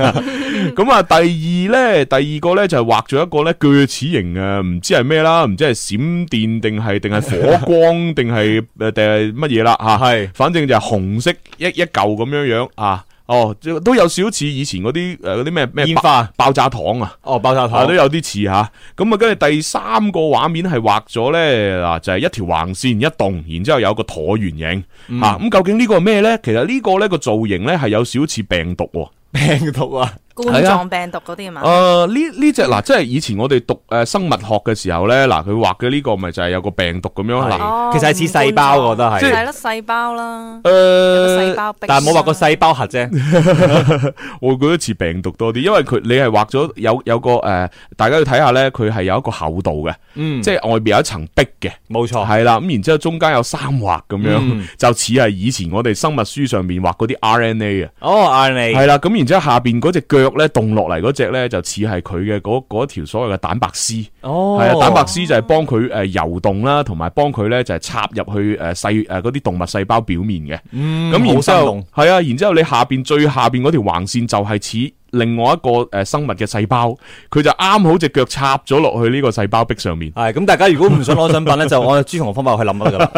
咁啊，第二咧，第二個咧就係畫咗一個咧鋸齒形 啊，唔知係咩啦，唔知係閃電定係定係火光定係誒定係乜嘢啦吓，係，反正就係紅色一一嚿咁樣樣啊。哦，都有少似以前嗰啲誒，嗰啲咩咩煙花、啊、爆炸糖啊，哦，爆炸糖、哦、都有啲似吓，咁啊，跟住第三個畫面係畫咗咧，嗱就係、是、一條橫線一動，然之後有個橢圓形吓，咁、嗯啊嗯、究竟個呢個係咩咧？其實呢個咧個造型咧係有少似病毒，病毒啊。冠狀病毒嗰啲嘛？誒呢呢隻嗱，即係以前我哋讀誒生物學嘅時候咧，嗱佢畫嘅呢個咪就係有個病毒咁樣嗱，其實係似細胞，我覺得係，即係細胞啦，誒，細胞，但係冇畫個細胞核啫。我覺得似病毒多啲，因為佢你係畫咗有有個誒，大家要睇下咧，佢係有一個厚度嘅，即係外面有一層壁嘅，冇錯，係啦，咁然之後中間有三畫咁樣，就似係以前我哋生物書上面畫嗰啲 RNA 嘅，哦，RNA，係啦，咁然之後下面嗰隻腳。腳咧，動落嚟嗰隻咧，就似係佢嘅嗰嗰條所謂嘅蛋白絲，係、哦、啊，蛋白絲就係幫佢誒游動啦，同埋幫佢咧就係插入去誒細誒嗰啲動物細胞表面嘅。嗯，咁好生動。然之後係啊，然之後你下邊最下邊嗰條橫線就係似。另外一個誒生物嘅細胞，佢就啱好隻腳插咗落去呢個細胞壁上面。係咁，大家如果唔想攞獎品咧，就按豬紅嘅方法去諗就得啦。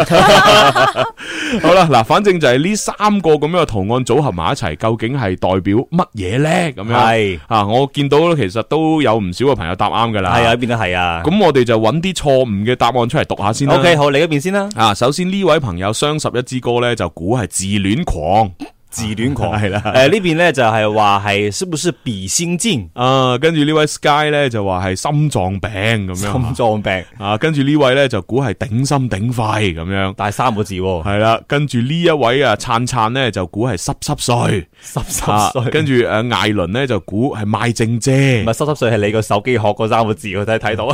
好啦，嗱，反正就係呢三個咁樣嘅圖案組合埋一齊，究竟係代表乜嘢咧？咁樣係啊，我見到咧，其實都有唔少嘅朋友答啱嘅啦。係啊，邊都係啊。咁我哋就揾啲錯誤嘅答案出嚟讀下先。O K，好，你一邊先啦。啊，首先呢位朋友雙十一之歌咧，就估係自戀狂。自戀狂係啦，誒呢邊咧就係話係是不是比先靜啊？跟住呢位 sky 咧就話係心臟病咁樣，心臟病啊，跟住呢位咧就估係頂心頂肺咁樣，但係三個字係啦，跟住呢一位啊燦燦咧就估係濕濕碎，濕濕碎，跟住誒艾倫咧就估係賣正姐，唔係濕濕碎係你個手機殼嗰三個字，我睇睇到，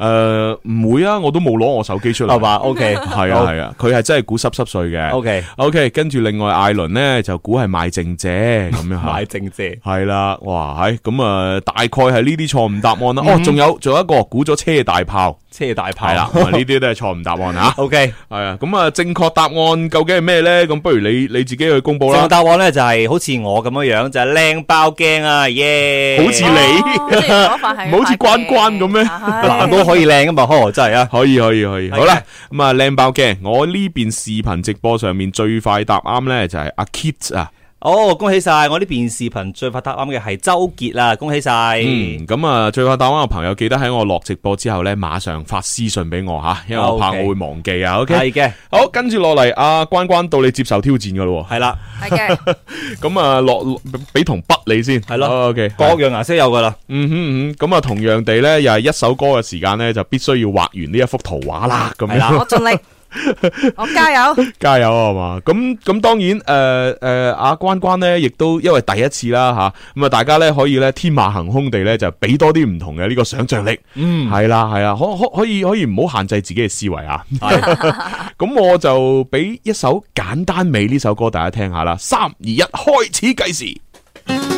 誒唔會啊，我都冇攞我手機出嚟吧，OK，係啊係啊，佢係真係估濕濕碎嘅，OK OK，跟住另外艾倫咧。就估係賣剩者咁樣，買剩者係啦，哇，咁啊，大概係呢啲錯誤答案啦。哦，仲有仲有一個估咗車大炮，車大炮啦，呢啲都係錯誤答案啊。OK，係啊，咁啊，正確答案究竟係咩咧？咁不如你你自己去公布啦。答案咧就係好似我咁樣樣，就係靚爆鏡啊，耶，好似你，唔好似關關咁咩？男都可以靚啊嘛，真係啊，可以可以可以。好啦，咁啊，靚爆鏡，我呢邊視頻直播上面最快答啱咧就係阿 Kit。啊！哦，恭喜晒！我呢邊視頻最快答啱嘅係周杰啦，恭喜晒！咁啊、嗯，最快答啱嘅朋友記得喺我落直播之後呢，馬上發私信俾我吓，因為我怕我會忘記啊。OK，係嘅。好，的跟住落嚟，啊，關關到你接受挑戰噶咯，係啦，係嘅。咁啊， 落俾同筆你筆先，係咯的。OK，各樣顏色有噶啦。嗯哼嗯哼，咁啊，同樣地呢，又係一首歌嘅時間呢，就必須要畫完呢一幅圖畫啦。咁樣，我盡力。 我 加油， 加油，係嘛？咁咁當然誒誒，阿、呃呃、關關咧，亦都因為第一次啦吓，咁啊，大家咧可以咧天馬行空地咧就俾多啲唔同嘅呢個想象力，嗯，係啦係啦，可可可以可以唔好限制自己嘅思維啊。咁 的 我就俾一首簡單美呢首歌大家聽下啦，三二一，開始計時。嗯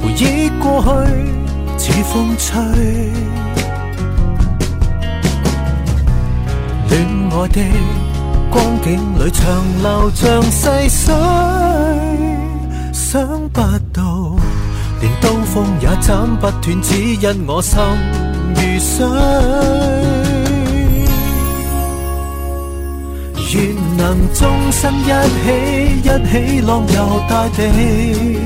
回憶過去，似風吹。戀愛的光景裏，長流像細水。想不到，連刀鋒也斬不斷，只因我心如碎。願能終身一起，一起浪遊大地。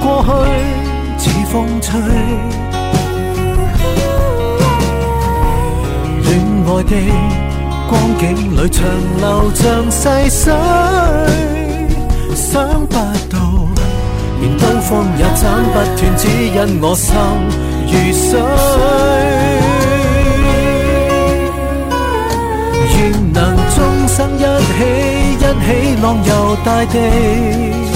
過去似風吹，戀愛的光景裏，長流像細水。想不到，連刀鋒也斬不斷，只因我心如水。願能終生一起，一起浪遊大地。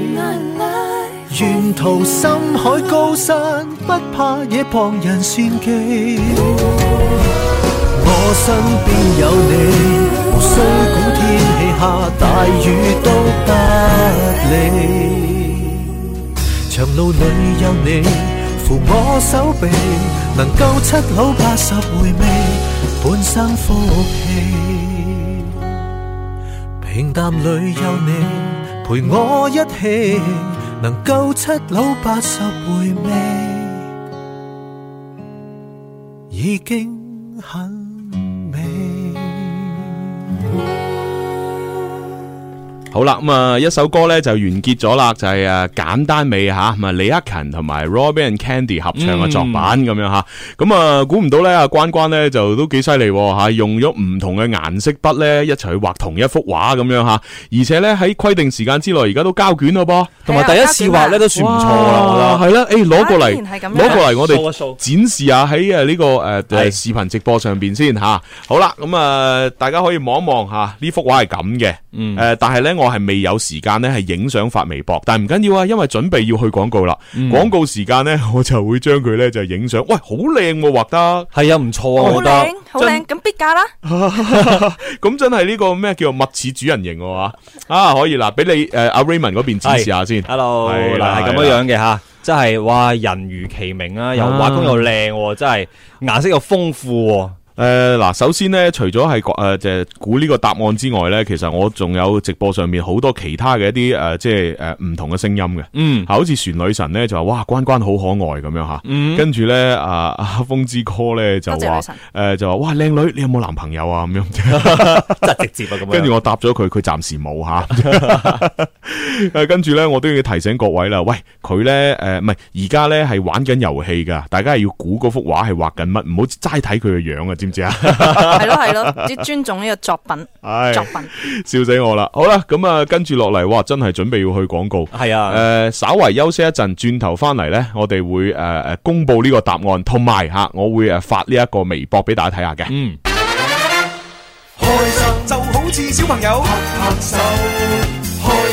沿途深海高山不怕惹旁人算計，我身邊有你，無需管天氣下大雨都不理。長路裏有你扶我手臂，能夠七老八十回味半生福氣。平淡裏有你陪我一起。能夠七老八十回味，已經很。好啦，咁啊，一首歌咧就完結咗啦，就係、是、啊簡單美吓，咁啊李克勤同埋 Robin Candy 合唱嘅作品咁、嗯、樣吓，咁啊估唔到咧阿關關咧就都幾犀利吓，用咗唔同嘅顏色筆咧一齊去畫同一幅畫咁樣吓，而且咧喺規定時間之內的而家都交卷咯噃，同埋第一次畫咧都算唔錯啦，係啦，誒攞、欸、過嚟攞過嚟我哋展示下喺誒呢個誒誒、呃、的視頻直播上邊先吓，好啦，咁啊大家可以望一望吓呢幅畫係咁嘅，誒但係咧。我係未有時間咧，係影相發微博，但係唔緊要啊，因為準備要去廣告啦。廣告時間咧，我就會將佢咧就影相。喂，好靚喎，畫得係啊，唔錯啊，我覺得好靚，好靚，咁必價啦。咁真係呢個咩叫做物似主人形嘅啊，可以嗱，俾你誒阿 Raymond 嗰邊支持下先。Hello，嗱係咁樣樣嘅吓，真係哇，人如其名啊，又畫功又靚，真係顏色又豐富。誒，嗱、呃，首先咧，除咗係誒就係估呢個答案之外咧，其實我仲有直播上面好多其他嘅一啲誒、呃，即係誒唔同嘅聲音嘅。嗯，好似船女神咧就話，哇，關關好可愛咁樣吓。嗯，跟住咧，啊，風之哥咧就話，誒，就話、呃，哇，靚女，你有冇男朋友啊？咁樣 真係直接啊！咁樣跟住我答咗佢，佢暫時冇吓。誒、啊， 跟住咧，我都要提醒各位啦，喂，佢咧，誒、呃，唔係，而家咧係玩緊遊戲噶，大家係要估嗰幅畫係畫緊乜，唔好齋睇佢嘅樣啊，知。係咯，係咯，啲 尊重呢個作品，哎、作品笑死我啦！好啦，咁啊跟住落嚟，哇，真係準備要去廣告，係啊，誒、呃，稍微休息一陣，轉頭翻嚟咧，我哋會誒誒、呃、公布呢個答案，同埋吓，我會誒發呢一個微博俾大家睇下嘅。嗯。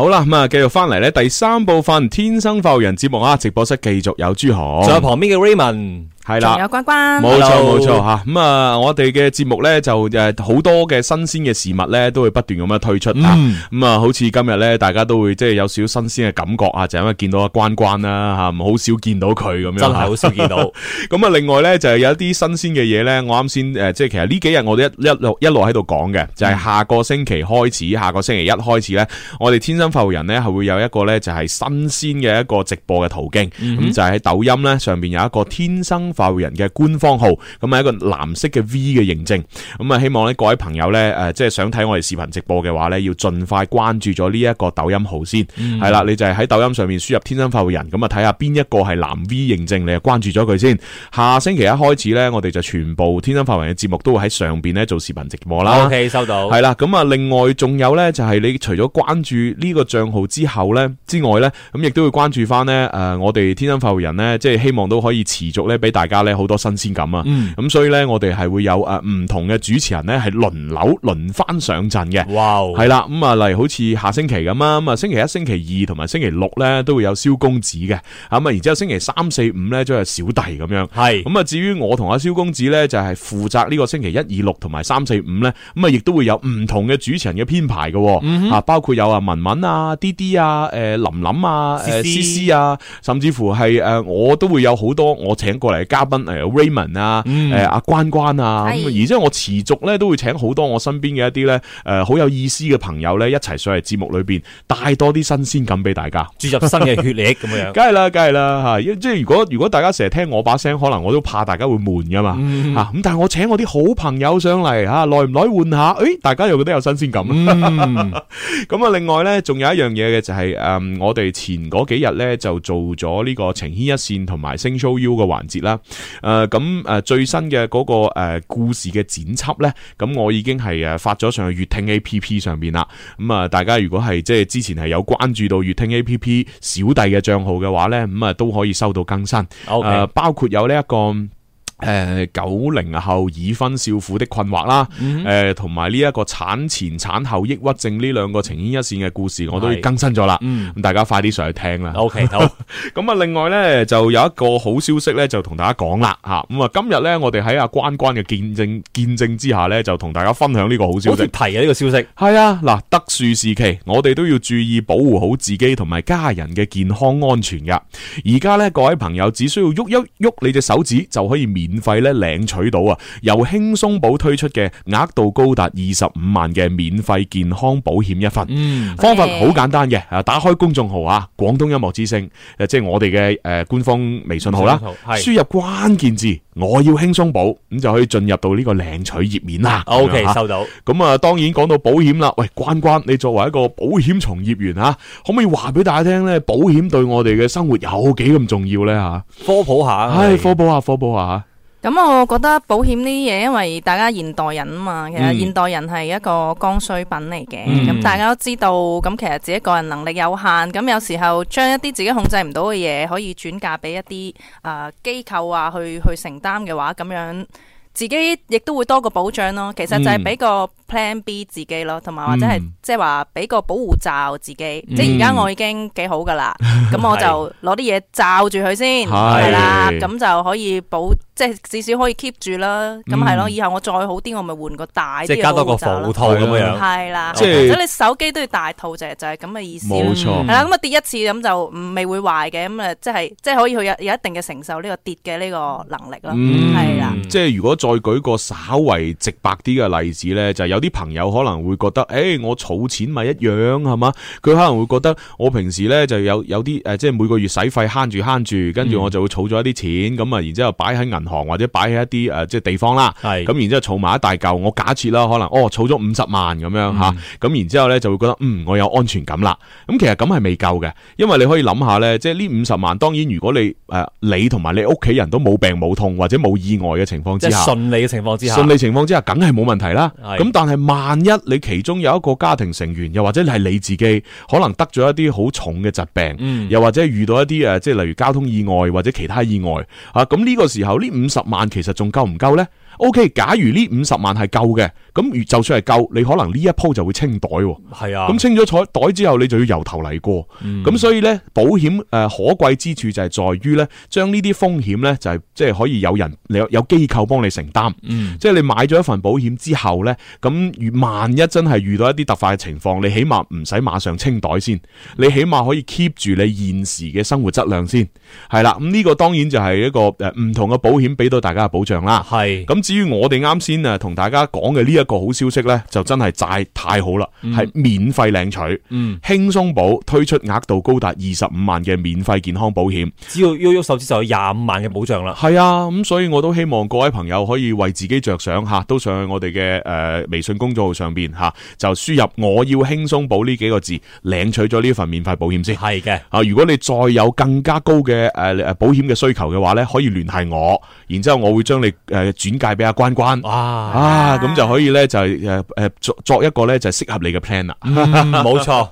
好啦，咁啊，繼續翻嚟咧，第三部分《天生浮人》節目啊，直播室繼續有朱浩，仲有旁邊嘅 Raymond。係啦，有關關，冇錯冇錯吓，咁錯錯啊，我哋嘅節目咧就誒好多嘅新鮮嘅事物咧都會不斷咁樣推出，咁、嗯、啊，好似今日咧，大家都會即係有少少新鮮嘅感覺啊，就因為見到阿關關啦吓，好、啊、少見到佢咁樣，真係好少見到。咁 啊，另外咧就係有一啲新鮮嘅嘢咧，我啱先誒、啊，即係其實呢幾日我哋一一,一路一路喺度講嘅，就係、是、下個星期開始，下個星期一開始咧，我哋天生發育人咧係會有一個咧就係、是、新鮮嘅一個直播嘅途徑，咁、嗯哼嗯、就喺、是、抖音咧上邊有一個天生。化會人嘅官方號，咁啊一個藍色嘅 V 嘅認證，咁啊希望咧各位朋友咧誒，即係想睇我哋視頻直播嘅話咧，要盡快關注咗呢一個抖音號先，係啦、嗯，你就係喺抖音上面輸入“天生化會人”，咁啊睇下邊一個係藍 V 認證，你就關注咗佢先。下星期一開始咧，我哋就全部天生化會人嘅節目都會喺上邊咧做視頻直播啦。哦、o、okay, K 收到，係啦，咁啊另外仲有咧，就係你除咗關注呢個賬號之後咧之外咧，咁亦都會關注翻咧誒，我哋天生化會人咧，即係希望都可以持續咧俾大。大家咧好多新鮮感啊！咁、嗯、所以咧，我哋係會有誒唔同嘅主持人咧，係輪流輪番上陣嘅。哇 Wow！係啦，咁啊，例如好似下星期咁啊，咁啊，星期一、星期二同埋星期六咧，都會有蕭公子嘅咁啊，然之後星期三四五咧，就係小弟咁樣。係咁啊，至於我同阿蕭公子咧，就係負責呢個星期一、二、六同埋三四五咧，咁啊，亦都會有唔同嘅主持人嘅編排嘅嚇，嗯、哼包括有啊文文啊、啲啲啊、誒琳琳啊、誒思思啊，甚至乎係誒我都會有好多我請過嚟。嘉賓誒，Raymond 啊，誒阿、嗯啊、關關啊，是而即係我持續咧都會請好多我身邊嘅一啲咧誒好有意思嘅朋友咧一齊上嚟節目裏邊，帶多啲新鮮感俾大家注入新嘅血力咁樣，梗係啦，梗係啦吓！即、啊、係如果如果大家成日聽我把聲，可能我都怕大家會悶噶嘛吓咁、嗯啊，但係我請我啲好朋友上嚟吓，耐唔耐換下誒、哎，大家又覺得有新鮮感。咁啊、嗯， 嗯、另外咧仲有一樣嘢嘅就係、是、誒、嗯，我哋前嗰幾日咧就做咗呢、這個情牽一線同埋星 Show U 嘅環節啦。誒，咁誒、呃、最新嘅嗰個誒故事嘅剪輯咧，咁我已經係誒發咗上去粵聽 A P P 上邊啦。咁啊，大家如果係即係之前係有關注到粵聽 A P P 小弟嘅賬號嘅話咧，咁啊都可以收到更新。誒 Okay.、呃，包括有呢、這、一個。誒，九零、uh, 後已婚少婦的困惑啦，誒、mm，同埋呢一個產前產後抑鬱症呢兩個呈現一線嘅故事，我都要更新咗啦。咁、mm hmm. 大家快啲上去聽啦。OK，好。咁啊， 另外咧就有一個好消息咧，就同大家講啦。吓，咁啊，嗯、今日咧我哋喺阿關關嘅見證見證之下咧，就同大家分享呢個好消息。提啊呢、這個消息，係啊嗱，特殊時期，我哋都要注意保護好自己同埋家人嘅健康安全噶。而家咧，各位朋友只需要喐一喐你隻手指就可以免免費咧領取到啊，由輕鬆保推出嘅額度高達二十五萬嘅免費健康保險一份。嗯，方法好簡單嘅，啊，打開公眾號啊，廣東音樂之聲，誒，即係我哋嘅誒官方微信號啦，輸入關鍵字我要輕鬆保，咁就可以進入到呢個領取頁面啦。O Okay , K，吧收到。咁啊、嗯，當然講到保險啦，喂，關關，你作為一個保險從業員啊，可唔可以話俾大家聽咧？保險對我哋嘅生活有幾咁重要咧？吓、啊哎，科普下，係科普下，科普下吓。咁、嗯、我覺得保險呢啲嘢，因為大家現代人啊嘛，其實現代人係一個剛需品嚟嘅。咁、嗯嗯、大家都知道，咁其實自己個人能力有限，咁有時候將一啲自己控制唔到嘅嘢，可以轉嫁俾一啲啊、呃、機構啊去去承擔嘅話，咁樣自己亦都會多個保障咯。其實就係俾個。嗯 Plan B 自己咯，同埋或者係即係話俾個保護罩自己，即係而家我已經幾好噶啦，咁我就攞啲嘢罩住佢先係啦，咁就可以保，即係至少可以 keep 住啦。咁係咯，以後我再好啲，我咪換個大啲嘅保護套咁樣樣。係啦，即係咁你手機都要大套，就係就係咁嘅意思。冇錯，係啦，咁啊跌一次咁就未會壞嘅，咁啊即係即係可以有有一定嘅承受呢個跌嘅呢個能力咯，係啦。即係如果再舉個稍為直白啲嘅例子咧，就有啲朋友可能會覺得，誒、欸，我儲錢咪一樣係嘛？佢可能會覺得，我平時咧就有有啲、呃、即係每個月使費慳住慳住，跟住我就會儲咗一啲錢，咁啊、嗯，然之後擺喺銀行或者擺喺一啲、呃、即係地方啦。咁，是 然之後儲埋一大嚿，我假設啦，可能哦儲咗五十萬咁樣嚇咁、嗯、然之後咧就會覺得嗯我有安全感啦。咁其實咁係未夠嘅，因為你可以諗下咧，即係呢五十萬，當然如果你、呃、你同埋你屋企人都冇病冇痛或者冇意外嘅情況之下，順順利嘅情況之下，順利情況之下梗係冇問題啦。咁是 但係萬一你其中有一個家庭成員，又或者係你自己，可能得咗一啲好重嘅疾病，嗯、又或者遇到一啲誒，即係例如交通意外或者其他意外啊，咁呢個時候呢五十萬其實仲夠唔夠呢？O.K. 假如呢五十萬係夠嘅，咁就算係夠，你可能呢一鋪就會清袋喎。係啊、嗯，咁清咗彩袋之後，你就要由頭嚟過。咁所以咧，保險誒可貴之處就係在於咧，將呢啲風險咧就係即係可以有人，有有機構幫你承擔。嗯，即係你買咗一份保險之後咧，咁遇萬一真係遇到一啲突發嘅情況，你起碼唔使馬上清袋先，你起碼可以 keep 住你現時嘅生活質量先。係啦，咁呢個當然就係一個誒唔同嘅保險俾到大家嘅保障啦。係，咁。至於我哋啱先啊同大家講嘅呢一個好消息呢，就真係債太好啦，係免費領取，嗯，輕鬆保推出額度高達二十五萬嘅免費健康保險，只要喐喐手指就有廿五萬嘅保障啦。係啊，咁所以我都希望各位朋友可以為自己着想吓，都上去我哋嘅誒微信公眾號上邊吓，就輸入我要輕鬆保呢幾個字，領取咗呢份免費保險先。係嘅啊，如果你再有更加高嘅誒保險嘅需求嘅話呢，可以聯繫我，然之後我會將你誒轉介。係俾阿關關，哇啊咁就可以咧，就係誒誒作作一個咧，就係適合你嘅 plan 啦。冇錯，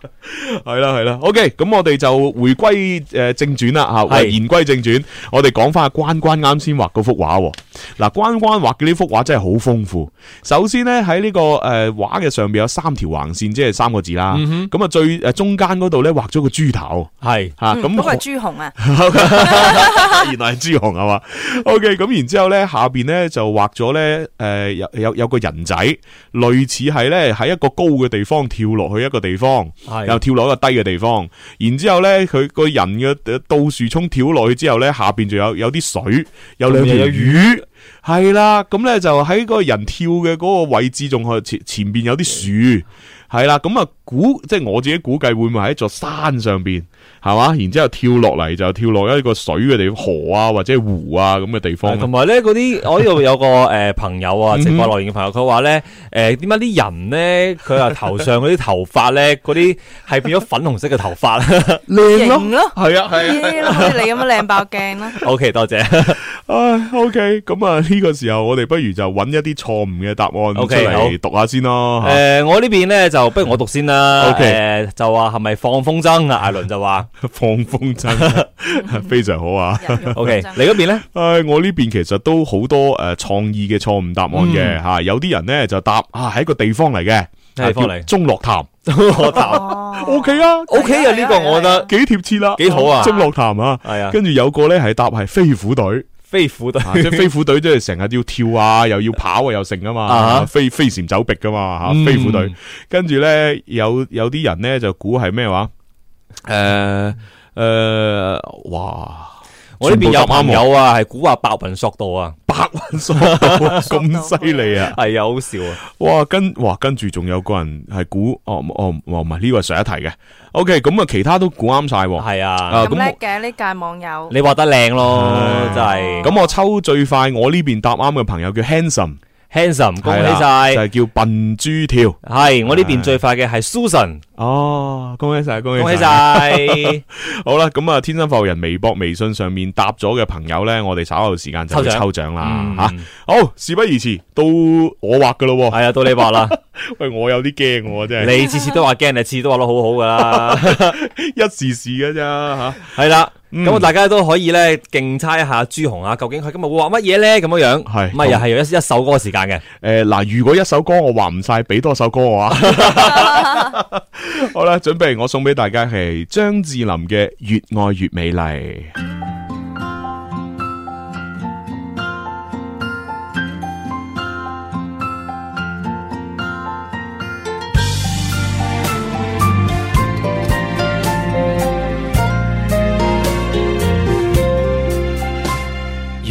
係啦係啦。OK，咁我哋就回歸誒正傳啦吓。係言歸正傳，我哋講翻阿關關啱先畫嗰幅畫。嗱、啊，關關畫嘅呢幅畫真係好豐富。首先咧，喺呢、這個誒畫嘅上邊有三條橫線，即係三個字啦。咁啊，最誒中間嗰度咧畫咗個豬頭，係吓咁。咁係豬紅啊 原來係豬紅啊嘛。O K，咁然之後咧下邊咧就畫咗咧誒有有有個人仔，類似係咧喺一個高嘅地方跳落去一個地方，係又的跳落一個低嘅地方。然之後咧佢個人嘅倒樹衝跳落去之後咧，下邊就有有啲水，有兩兩條魚。係啦，咁呢就喺個人跳嘅嗰個位置，仲係前前面有啲樹。係啦，咁啊估，即係我自己估計會唔會喺一座山上邊，係嘛？然之後跳落嚟就跳落一個水嘅地方，河啊或者湖啊咁嘅地方。同埋咧嗰啲，我呢度有個誒朋友啊，直播留言嘅朋友，佢話咧誒，點解啲人咧佢話頭上嗰啲頭髮咧嗰啲係變咗粉紅色嘅頭髮？靚咯，係啊係。你咁樣靚爆鏡啦。O K 多謝。唉，O K，咁啊呢個時候我哋不如就揾一啲錯誤嘅答案出嚟讀下先咯。誒，我呢邊咧就。就不如我讀先啦，誒，就話係咪放風箏啊？阿倫就話放風箏，非常好啊。O K，你嗰邊咧？誒，我呢邊其實都好多誒創意嘅錯誤答案嘅吓，有啲人咧就答啊，係一個地方嚟嘅，係叫中樂潭。O K 啊，O K 啊，呢個我覺得幾貼切啦，幾好啊，中樂潭啊，係啊，跟住有個咧係答係飛虎隊。飛虎隊、啊，即、就、係、是、飛虎隊，即係成日要跳啊，又要跑啊，又成啊嘛，uh huh. 飛飛檐走壁㗎嘛，吓、uh huh. 飛虎隊。跟住咧，有有啲人咧就估係咩話？誒誒、uh, 呃，哇！我呢邊有有啊，係估下白雲索道啊，白雲索道咁犀利啊，係啊好笑啊！哇，跟哇跟住仲有個人係估哦，哦唔係，呢個係上一題嘅，OK，咁啊其他都估啱晒，係啊咁叻嘅呢屆網友，啊、麼你話得靚咯，是啊、就係、是、咁我抽最快，我呢邊答啱嘅朋友叫 handsome。Handsome，恭喜晒，就係、是、叫笨豬跳。係我呢邊最快嘅係 Susan 哦，恭喜晒，恭喜晒。 好啦，咁啊，天生服人微博、微信上面答咗嘅朋友咧，我哋稍後時間就抽獎啦。吓、嗯，好，事不宜遲，到我畫噶咯。係啊，到你畫啦。 喂，我有啲驚我真係。你次次都話驚，你次次都畫得好好噶啦， 一時時噶咋吓？係 啦。咁啊，嗯、大家都可以咧，競猜一下豬紅啊，究竟佢今日會畫乜嘢呢？咁樣樣係，唔係又係一一首歌時間嘅。誒，嗱，如果一首歌我畫唔晒，俾多首歌我啊。好啦，準備，我送俾大家係張智霖嘅《越愛越美麗》。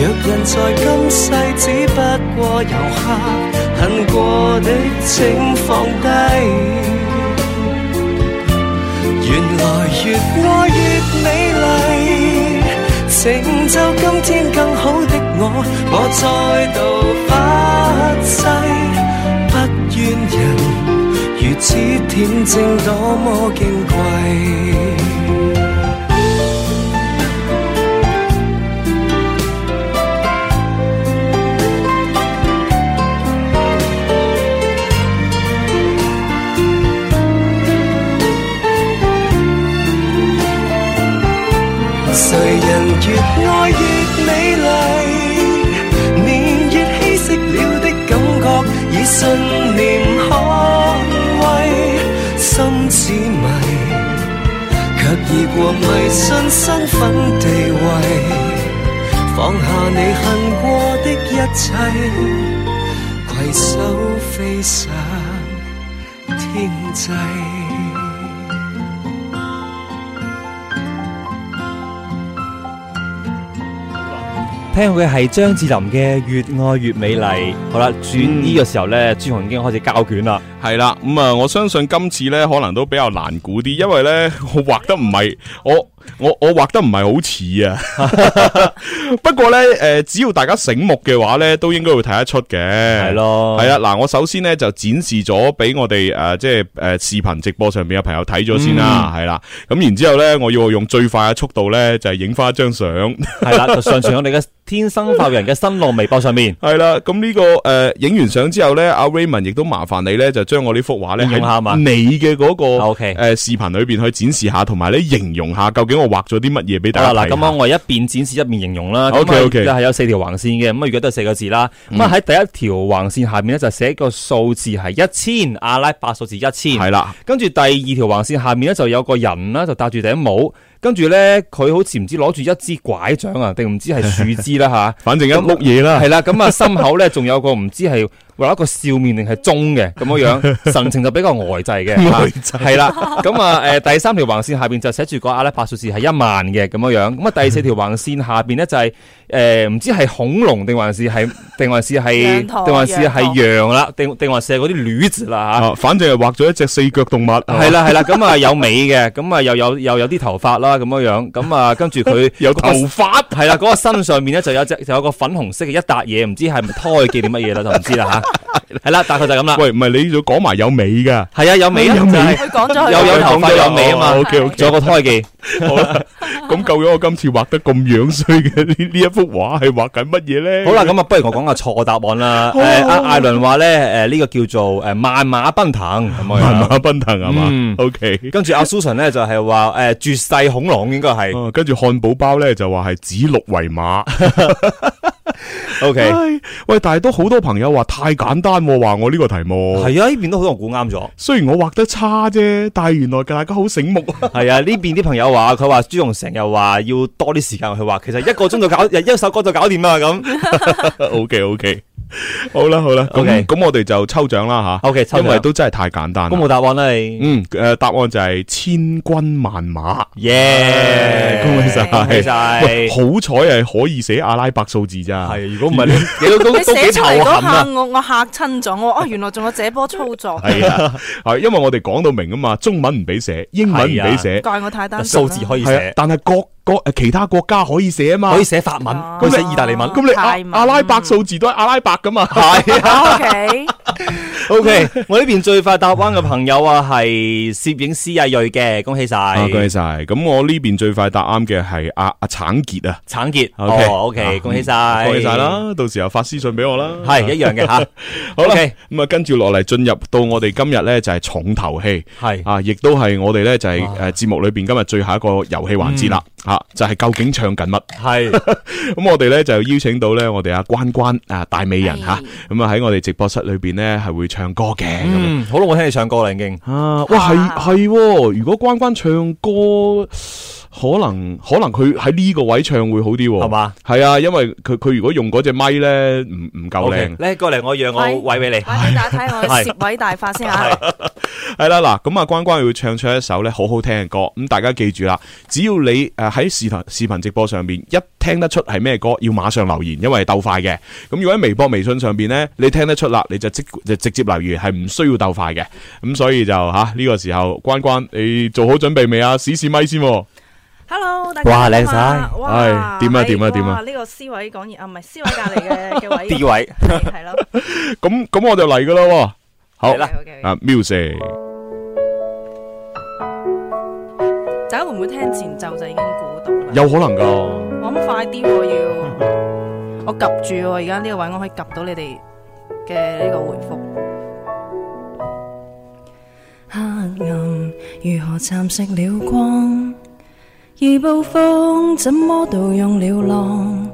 若人在今世只不過遊客，恨過的請放低。原來越愛越美麗，成就今天更好的我，我再度發誓，不怨人，如此恬靜多麼矜貴。愛人越愛越美麗，年月稀釋了的感覺，以信念捍衛，心痴迷，却已過迷信身份地位，放下你恨過的一切，携手飛上天際。聽到嘅係張智霖嘅《越愛越美麗》，好啦，轉呢個時候呢、嗯、豬紅已經開始交卷了。係啦，咁啊、嗯，我相信今次咧可能都比較難估啲，因為咧我畫得唔係我我我畫得唔係好似啊， 不過咧誒、呃，只要大家醒目嘅話咧，都應該會睇得出嘅。係咯的，係啦嗱，我首先咧就展示咗俾我哋誒、呃，即係誒、呃、視頻直播上面嘅朋友睇咗先啦，係啦、嗯，咁然後之後咧，我要我用最快嘅速度咧就係影翻一張相，係啦，就上傳我哋嘅天生發言人嘅新浪微博上面，係啦， 咁、嗯、呢、這個誒影、呃、完相之後咧，阿 Raymond 亦都麻煩你咧就。將我呢幅畫咧喺你嘅嗰個誒視頻裏邊去展示下，同埋咧形容下究竟我畫咗啲乜嘢俾大家睇。咁 Okay, okay. 我一邊展示一邊形容啦。咁啊係有四條橫線嘅，咁啊如果都係四個字啦。咁啊喺第一條橫線下面咧就寫個數字係一千，阿拉伯數字一千了，係啦。跟住第二條橫線下面咧就有個人啦，就戴住頂帽。跟住咧，佢好似唔知攞住一支拐杖啊，定唔知係樹枝啦吓，反正一碌嘢啦。係啦，咁啊，心口咧仲有個唔知係畫一個笑面定係鐘嘅咁樣樣，神情就比較呆滯嘅。呆滯係啦，咁啊誒，第三條橫線下邊就寫住個阿拉伯數字係一萬嘅咁樣樣。咁啊，第四條橫線下邊咧就係誒唔知係恐龍定還是係定還是係定還是係羊啦，定定還是係嗰啲驢字啦吓。哦，反正係畫咗一隻四腳動物。係啦係啦，咁啊有尾嘅，咁啊又有又有啲頭髮啦。咁樣樣，咁啊跟住佢有、個頭髮係啦，嗰、個身上面咧就有一隻就有個粉紅色嘅一笪嘢，唔知係胎記啲乜嘢啦，就唔知啦吓。啊係啦，大概就咁啦。喂，唔係你仲講埋有尾噶？係啊，有尾。有尾。佢講咗佢有有頭髮有尾啊嘛。OK OK。仲有個胎記。好啦，咁究竟我今次畫得咁樣衰嘅呢呢一幅畫係畫緊乜嘢咧？好啦，咁啊，不如我講下錯答案啦。阿艾倫話咧，誒呢個叫做誒萬馬奔騰，萬馬奔騰係嘛？OK。跟住阿 Susan 咧就係話誒絕世恐龍應該係。哦，跟住漢堡包咧就話係指鹿為馬。O Okay . K，喂，但係都好多朋友話太簡單，話我呢個題目係啊，呢邊都好多人估啱咗。雖然我畫得差啫，但係原來大家好醒目。係 啊，呢邊啲朋友話，佢話豬紅成日話要多啲時間去畫，其實一個鐘就搞， 一首歌就搞掂啦咁。O K，O K。 okay, okay. 好啦好啦，OK 咁咁我哋就抽獎啦吓，O K，因為都真係太簡單，公布答案啦，嗯，誒，答案就係千軍萬馬，耶，恭喜晒，好彩係可以寫阿拉伯數字咋，係，如果唔係你都都都寫出嚟，嗰下啊，我我吓親咗，我哦原來仲有這波操作，係，係，因為我哋講到明啊嘛，中文唔俾寫，英文唔俾寫，怪我太單純，數字可以寫，但係各其他國家可以寫啊嘛，可以寫法文，可以寫意大利文，咁你阿拉伯數字都係阿拉伯噶嘛？係。O K，O K，我呢邊最快答啱嘅朋友啊，係攝影師阿瑞嘅，恭喜晒，恭喜晒。咁我呢邊最快答啱嘅係阿阿橙杰啊，橙杰。O K，O K，恭喜晒，恭喜晒啦！到時候發私信俾我啦。係，一樣嘅吓。好啦，咁啊，跟住落嚟進入到我哋今日咧就係重頭戲，係啊，亦都係我哋咧就係誒節目裏邊今日最後一個遊戲環節啦。吓，就係究竟唱緊乜？係咁，我哋咧就邀請到咧我哋阿關關啊，大美人吓，咁啊喺我哋直播室裏邊咧係會唱歌嘅，好啦，我聽你唱歌啦已經啊，哇係係，如果關關唱歌，可能可能佢喺呢個位唱會好啲係嘛？係啊，因為佢佢如果用嗰隻咪咧唔唔夠靚咧，過嚟我讓我位俾你，大家睇我位大發先。係啦，嗱，咁啊，關關要唱出一首咧好好聽嘅歌，咁大家記住啦，只要你誒喺視頻視頻直播上邊一聽得出係咩歌，要馬上留言，因為係鬥快嘅。咁如果喺微博、微信上邊咧，你聽得出啦，你就即就直接留言，係唔需要鬥快嘅。咁所以就吓呢、啊這個時候，關關，你做好準備未啊？試試咪先、哦。Hello，大家好哇，靚仔，哇，點啊點啊點啊！呢個 C 位講嘢啊，唔係 C 位隔籬嘅嘅位 D 位係咯。咁咁我就嚟噶啦。好啦，啊，music，大家會唔會聽前奏就已經估到啦？有可能噶，我咁快啲我要，我及住，而家呢個位我可以及到你哋嘅呢個回覆黑暗如何蠶食了光？而暴風怎麼盜用了浪？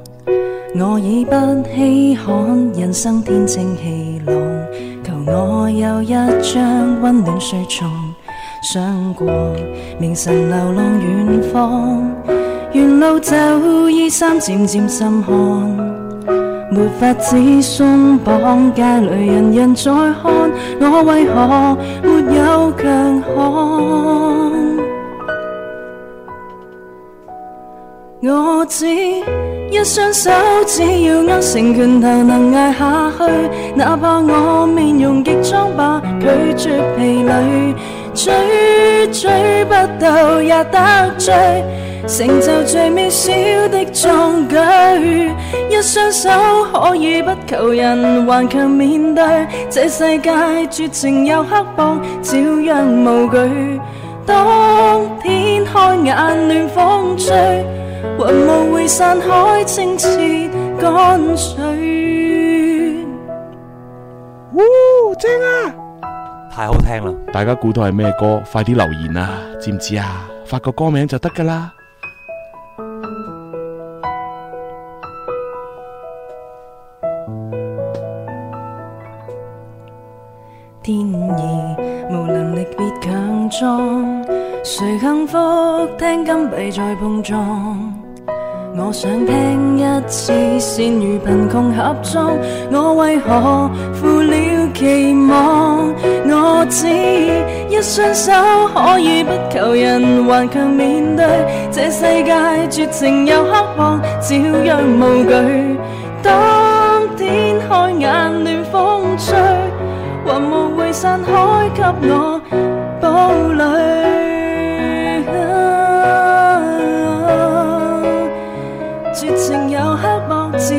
我已不稀罕，人生天清氣朗。我有一張溫暖睡床，想過明晨流浪遠方，沿路走衣衫漸漸滲汗，沒法子鬆綁，街裏人人在看，我為何沒有強項？我知。一雙手，只要握成拳頭，能挨下去。哪怕我面容極蒼白，拒絕疲累。追追不到也得追，成就最渺小的壯舉。一雙手可以不求人，頑強面對這世界，絕情又刻薄，照樣無懼。當天開眼，暖風吹。雲霧會散開，清澈乾水。哇、哦！正啊，太好聽啦！大家估到係咩歌？快啲留言啊，知唔知啊？發個歌名就得㗎喇。天意無能力別強壯，別強裝。誰幸福？聽金幣在碰撞。我想聽一次，善與貧窮合作。我為何負了期望？我只一雙手，可以不求人，頑強面對這世界絕情又刻薄。照樣無懼，當天開眼暖風吹，雲霧會散開，給我堡壘。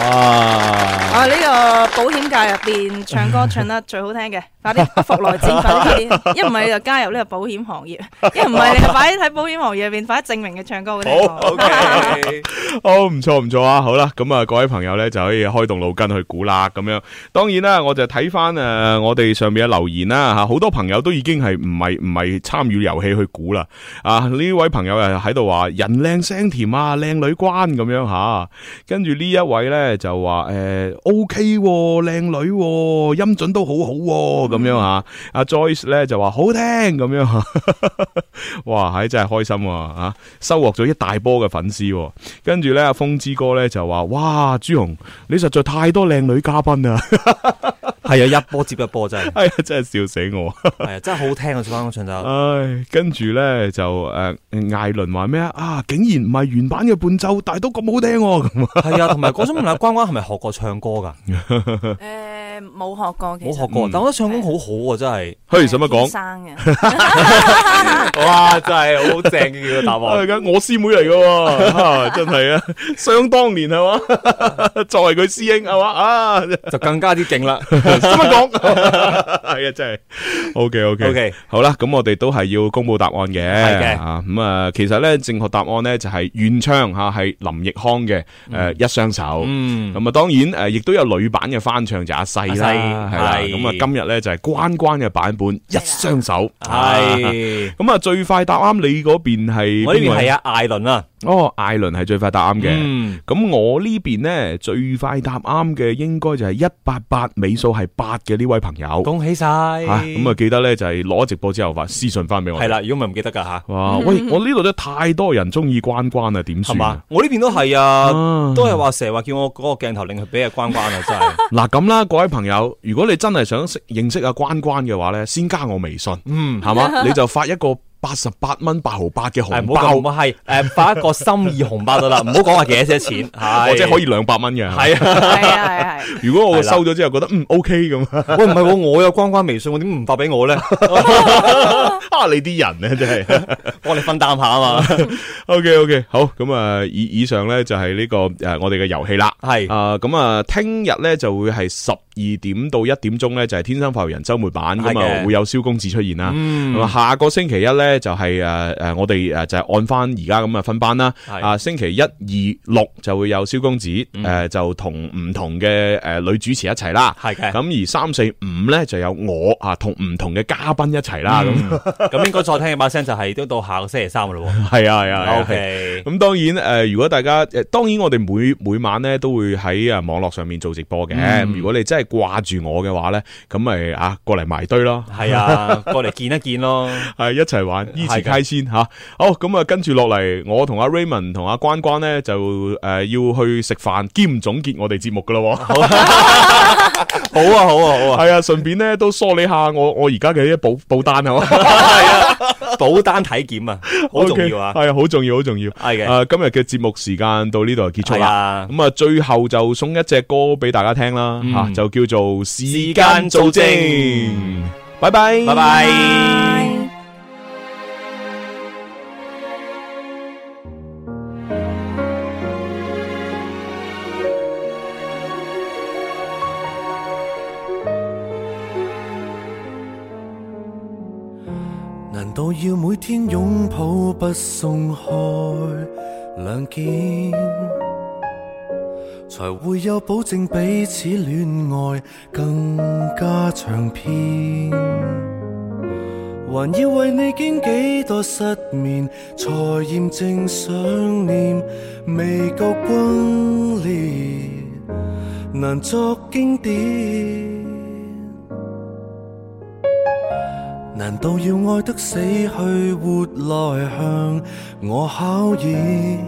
哇啊呢個保險界入邊唱歌唱得最好聽嘅， 快啲不服來戰快啲，一唔係就加入呢個保險行業，一唔係你就快啲喺保險行業入邊快啲證明佢唱歌好聽。好 o、okay、 好唔錯唔錯啊！好啦，咁啊各位朋友咧就可以開動腦筋去估啦，咁樣當然啦，我就睇翻誒我哋上面嘅留言啦吓，好多朋友都已經係唔係唔係參與遊戲去估啦啊！呢位朋友又喺度話人靚聲甜啊，靚女關咁樣吓、啊，跟住呢一位咧。就話誒，O K 靚女、啊，音準都好好、啊、咁樣、嗯、啊阿 Joyce 咧就話好聽咁樣哈哈，哇，係、欸、真係開心啊，收穫咗一大波嘅粉絲、啊，跟住咧阿風之哥咧就話，哇，豬紅你實在太多靚女嘉賓啦、啊。哈哈係 啊，一波接一波真係，係啊，真係， 哎、笑死我。係 啊、 哎，真係好聽啊，關關唱就。唉，跟住咧就誒，艾倫話咩啊？啊，竟然唔係原版嘅伴奏，但係都咁好聽，哦。係 啊，同埋我想問下，關關係咪學過唱歌噶？ 冇學過，冇學過，但我覺得唱功好好啊，真係。嘿，使乜講？生哇，真係好正嘅個答案。我師妹嚟嘅，真係啊，想當年係嘛？作為佢師兄係嘛？啊，就更加之勁啦。使乜講？係啊，真係。O K O K O K，好啦，咁我哋都係要公布答案嘅。係嘅，咁啊，其實咧正確答案咧就係《原唱吓，係林奕匡嘅誒《一雙手》。嗯，咁啊，當然誒，亦都有女版嘅翻唱就阿細。係啦，咁啊，今日咧就係關關嘅版本，的一雙手。係，咁啊最快答啱你嗰邊係，呢邊係啊艾倫啊。哦，艾倫係最快答啱嘅，咁、嗯、我這邊呢邊咧最快答啱嘅應該就係一八八尾數係八嘅呢位朋友，恭喜晒！咁啊記得咧就係、是、攞直播之後發私信翻俾我。係啦，如果咪唔記得噶吓。啊、哇，喂，我呢度都太多人中意關關啦，點算啊？我呢邊都係啊，都係話成日話叫我嗰個鏡頭令佢俾啊關關啊，真係。嗱咁啦，各位朋友，如果你真係想識認識啊關關嘅話咧，先加我微信，嗯，係嘛，你就發一個，八十八蚊八毫八嘅紅包，唔係，誒，發一個心意紅包得啦，唔好講話幾多錢，或者可以兩百蚊嘅，係啊，係啊，係。如果我收咗之後覺得嗯 OK 咁，喂，唔係我有關關微信，我點唔發俾我咧？啊，你啲人咧真係，幫你分擔下啊嘛。OK，OK，好，咁啊，以以上咧就係呢個誒我哋嘅遊戲啦。係啊，咁啊，聽日咧就會係十二點到一點鐘咧就係天生快活人週末版，咁啊會有蕭公子出現啦。咁啊，下個星期一咧。咧就係誒誒，我哋誒就係按翻而家咁嘅分班啦。是的 啊，星期一、二、六就會有蕭公子誒、嗯呃，就同唔同嘅誒女主持一齊啦。係嘅的。咁而三四五咧就有我啊，同唔同嘅嘉賓一齊啦。咁咁應該再聽嘅把聲，就係都到下個星期三嘅咯。係啊係 啊。O K、啊。咁、啊啊 Okay 嗯、當然誒、呃，如果大家誒，當然我哋每每晚咧都會喺誒網絡上面做直播嘅。嗯、如果你真係掛住我嘅話咧，咁咪啊過嚟埋堆咯。係啊，過嚟見一見咯、 啊。係一齊玩。依次開先吓，好咁啊，跟住落嚟，我同阿 Raymond 同阿關關咧就誒、呃、要去食飯兼總結我哋節目噶咯，好啊，好啊，好啊，係、哎、啊，順便咧都梳理下我我而家嘅啲保保單啊，係啊，保單體檢啊，好重要啊，係好、okay, 哎、重要，好重要，係嘅的、啊。今日嘅節目時間到呢度就結束啦。咁啊的，嗯嗯、最後就送一隻歌俾大家聽啦，吓、啊、就叫做《時間做精》造精。拜拜，拜拜 bye。Bye bye 要每天擁抱不鬆開兩肩，才會有保證彼此戀愛更加長篇。還要為你經幾多失眠，才驗證想念未夠轟烈，難作經典。難道要愛得死去活來向我考驗？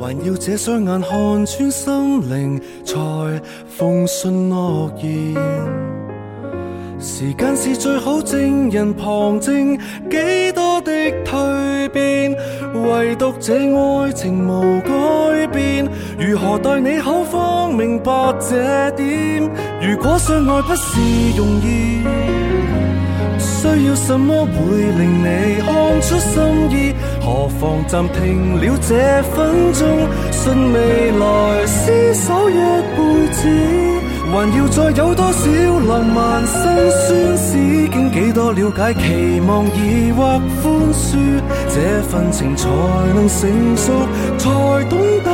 還要這雙眼看穿心靈才奉信諾言？時間是最好證人旁證，幾多的蛻變，唯獨這愛情無改變。如何待你好方明白這點？如果相愛不是容易。需要什麼會令你看出心意？何妨暫停了這分鐘，信未來，廝守一輩子。還要再有多少浪漫辛酸事，經幾多了解，期望疑惑寬恕，這份情才能成熟，才懂得。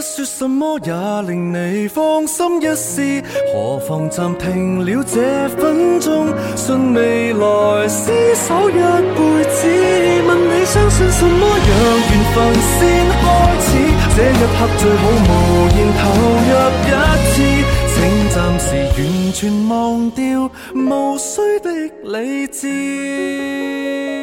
不說什麼也令你放心一試，何妨暫停了這分鐘，信未來廝守一輩子。問你相信什麼讓緣份先開始，這一刻最好無言投入一次，請暫時完全忘掉無需的理智。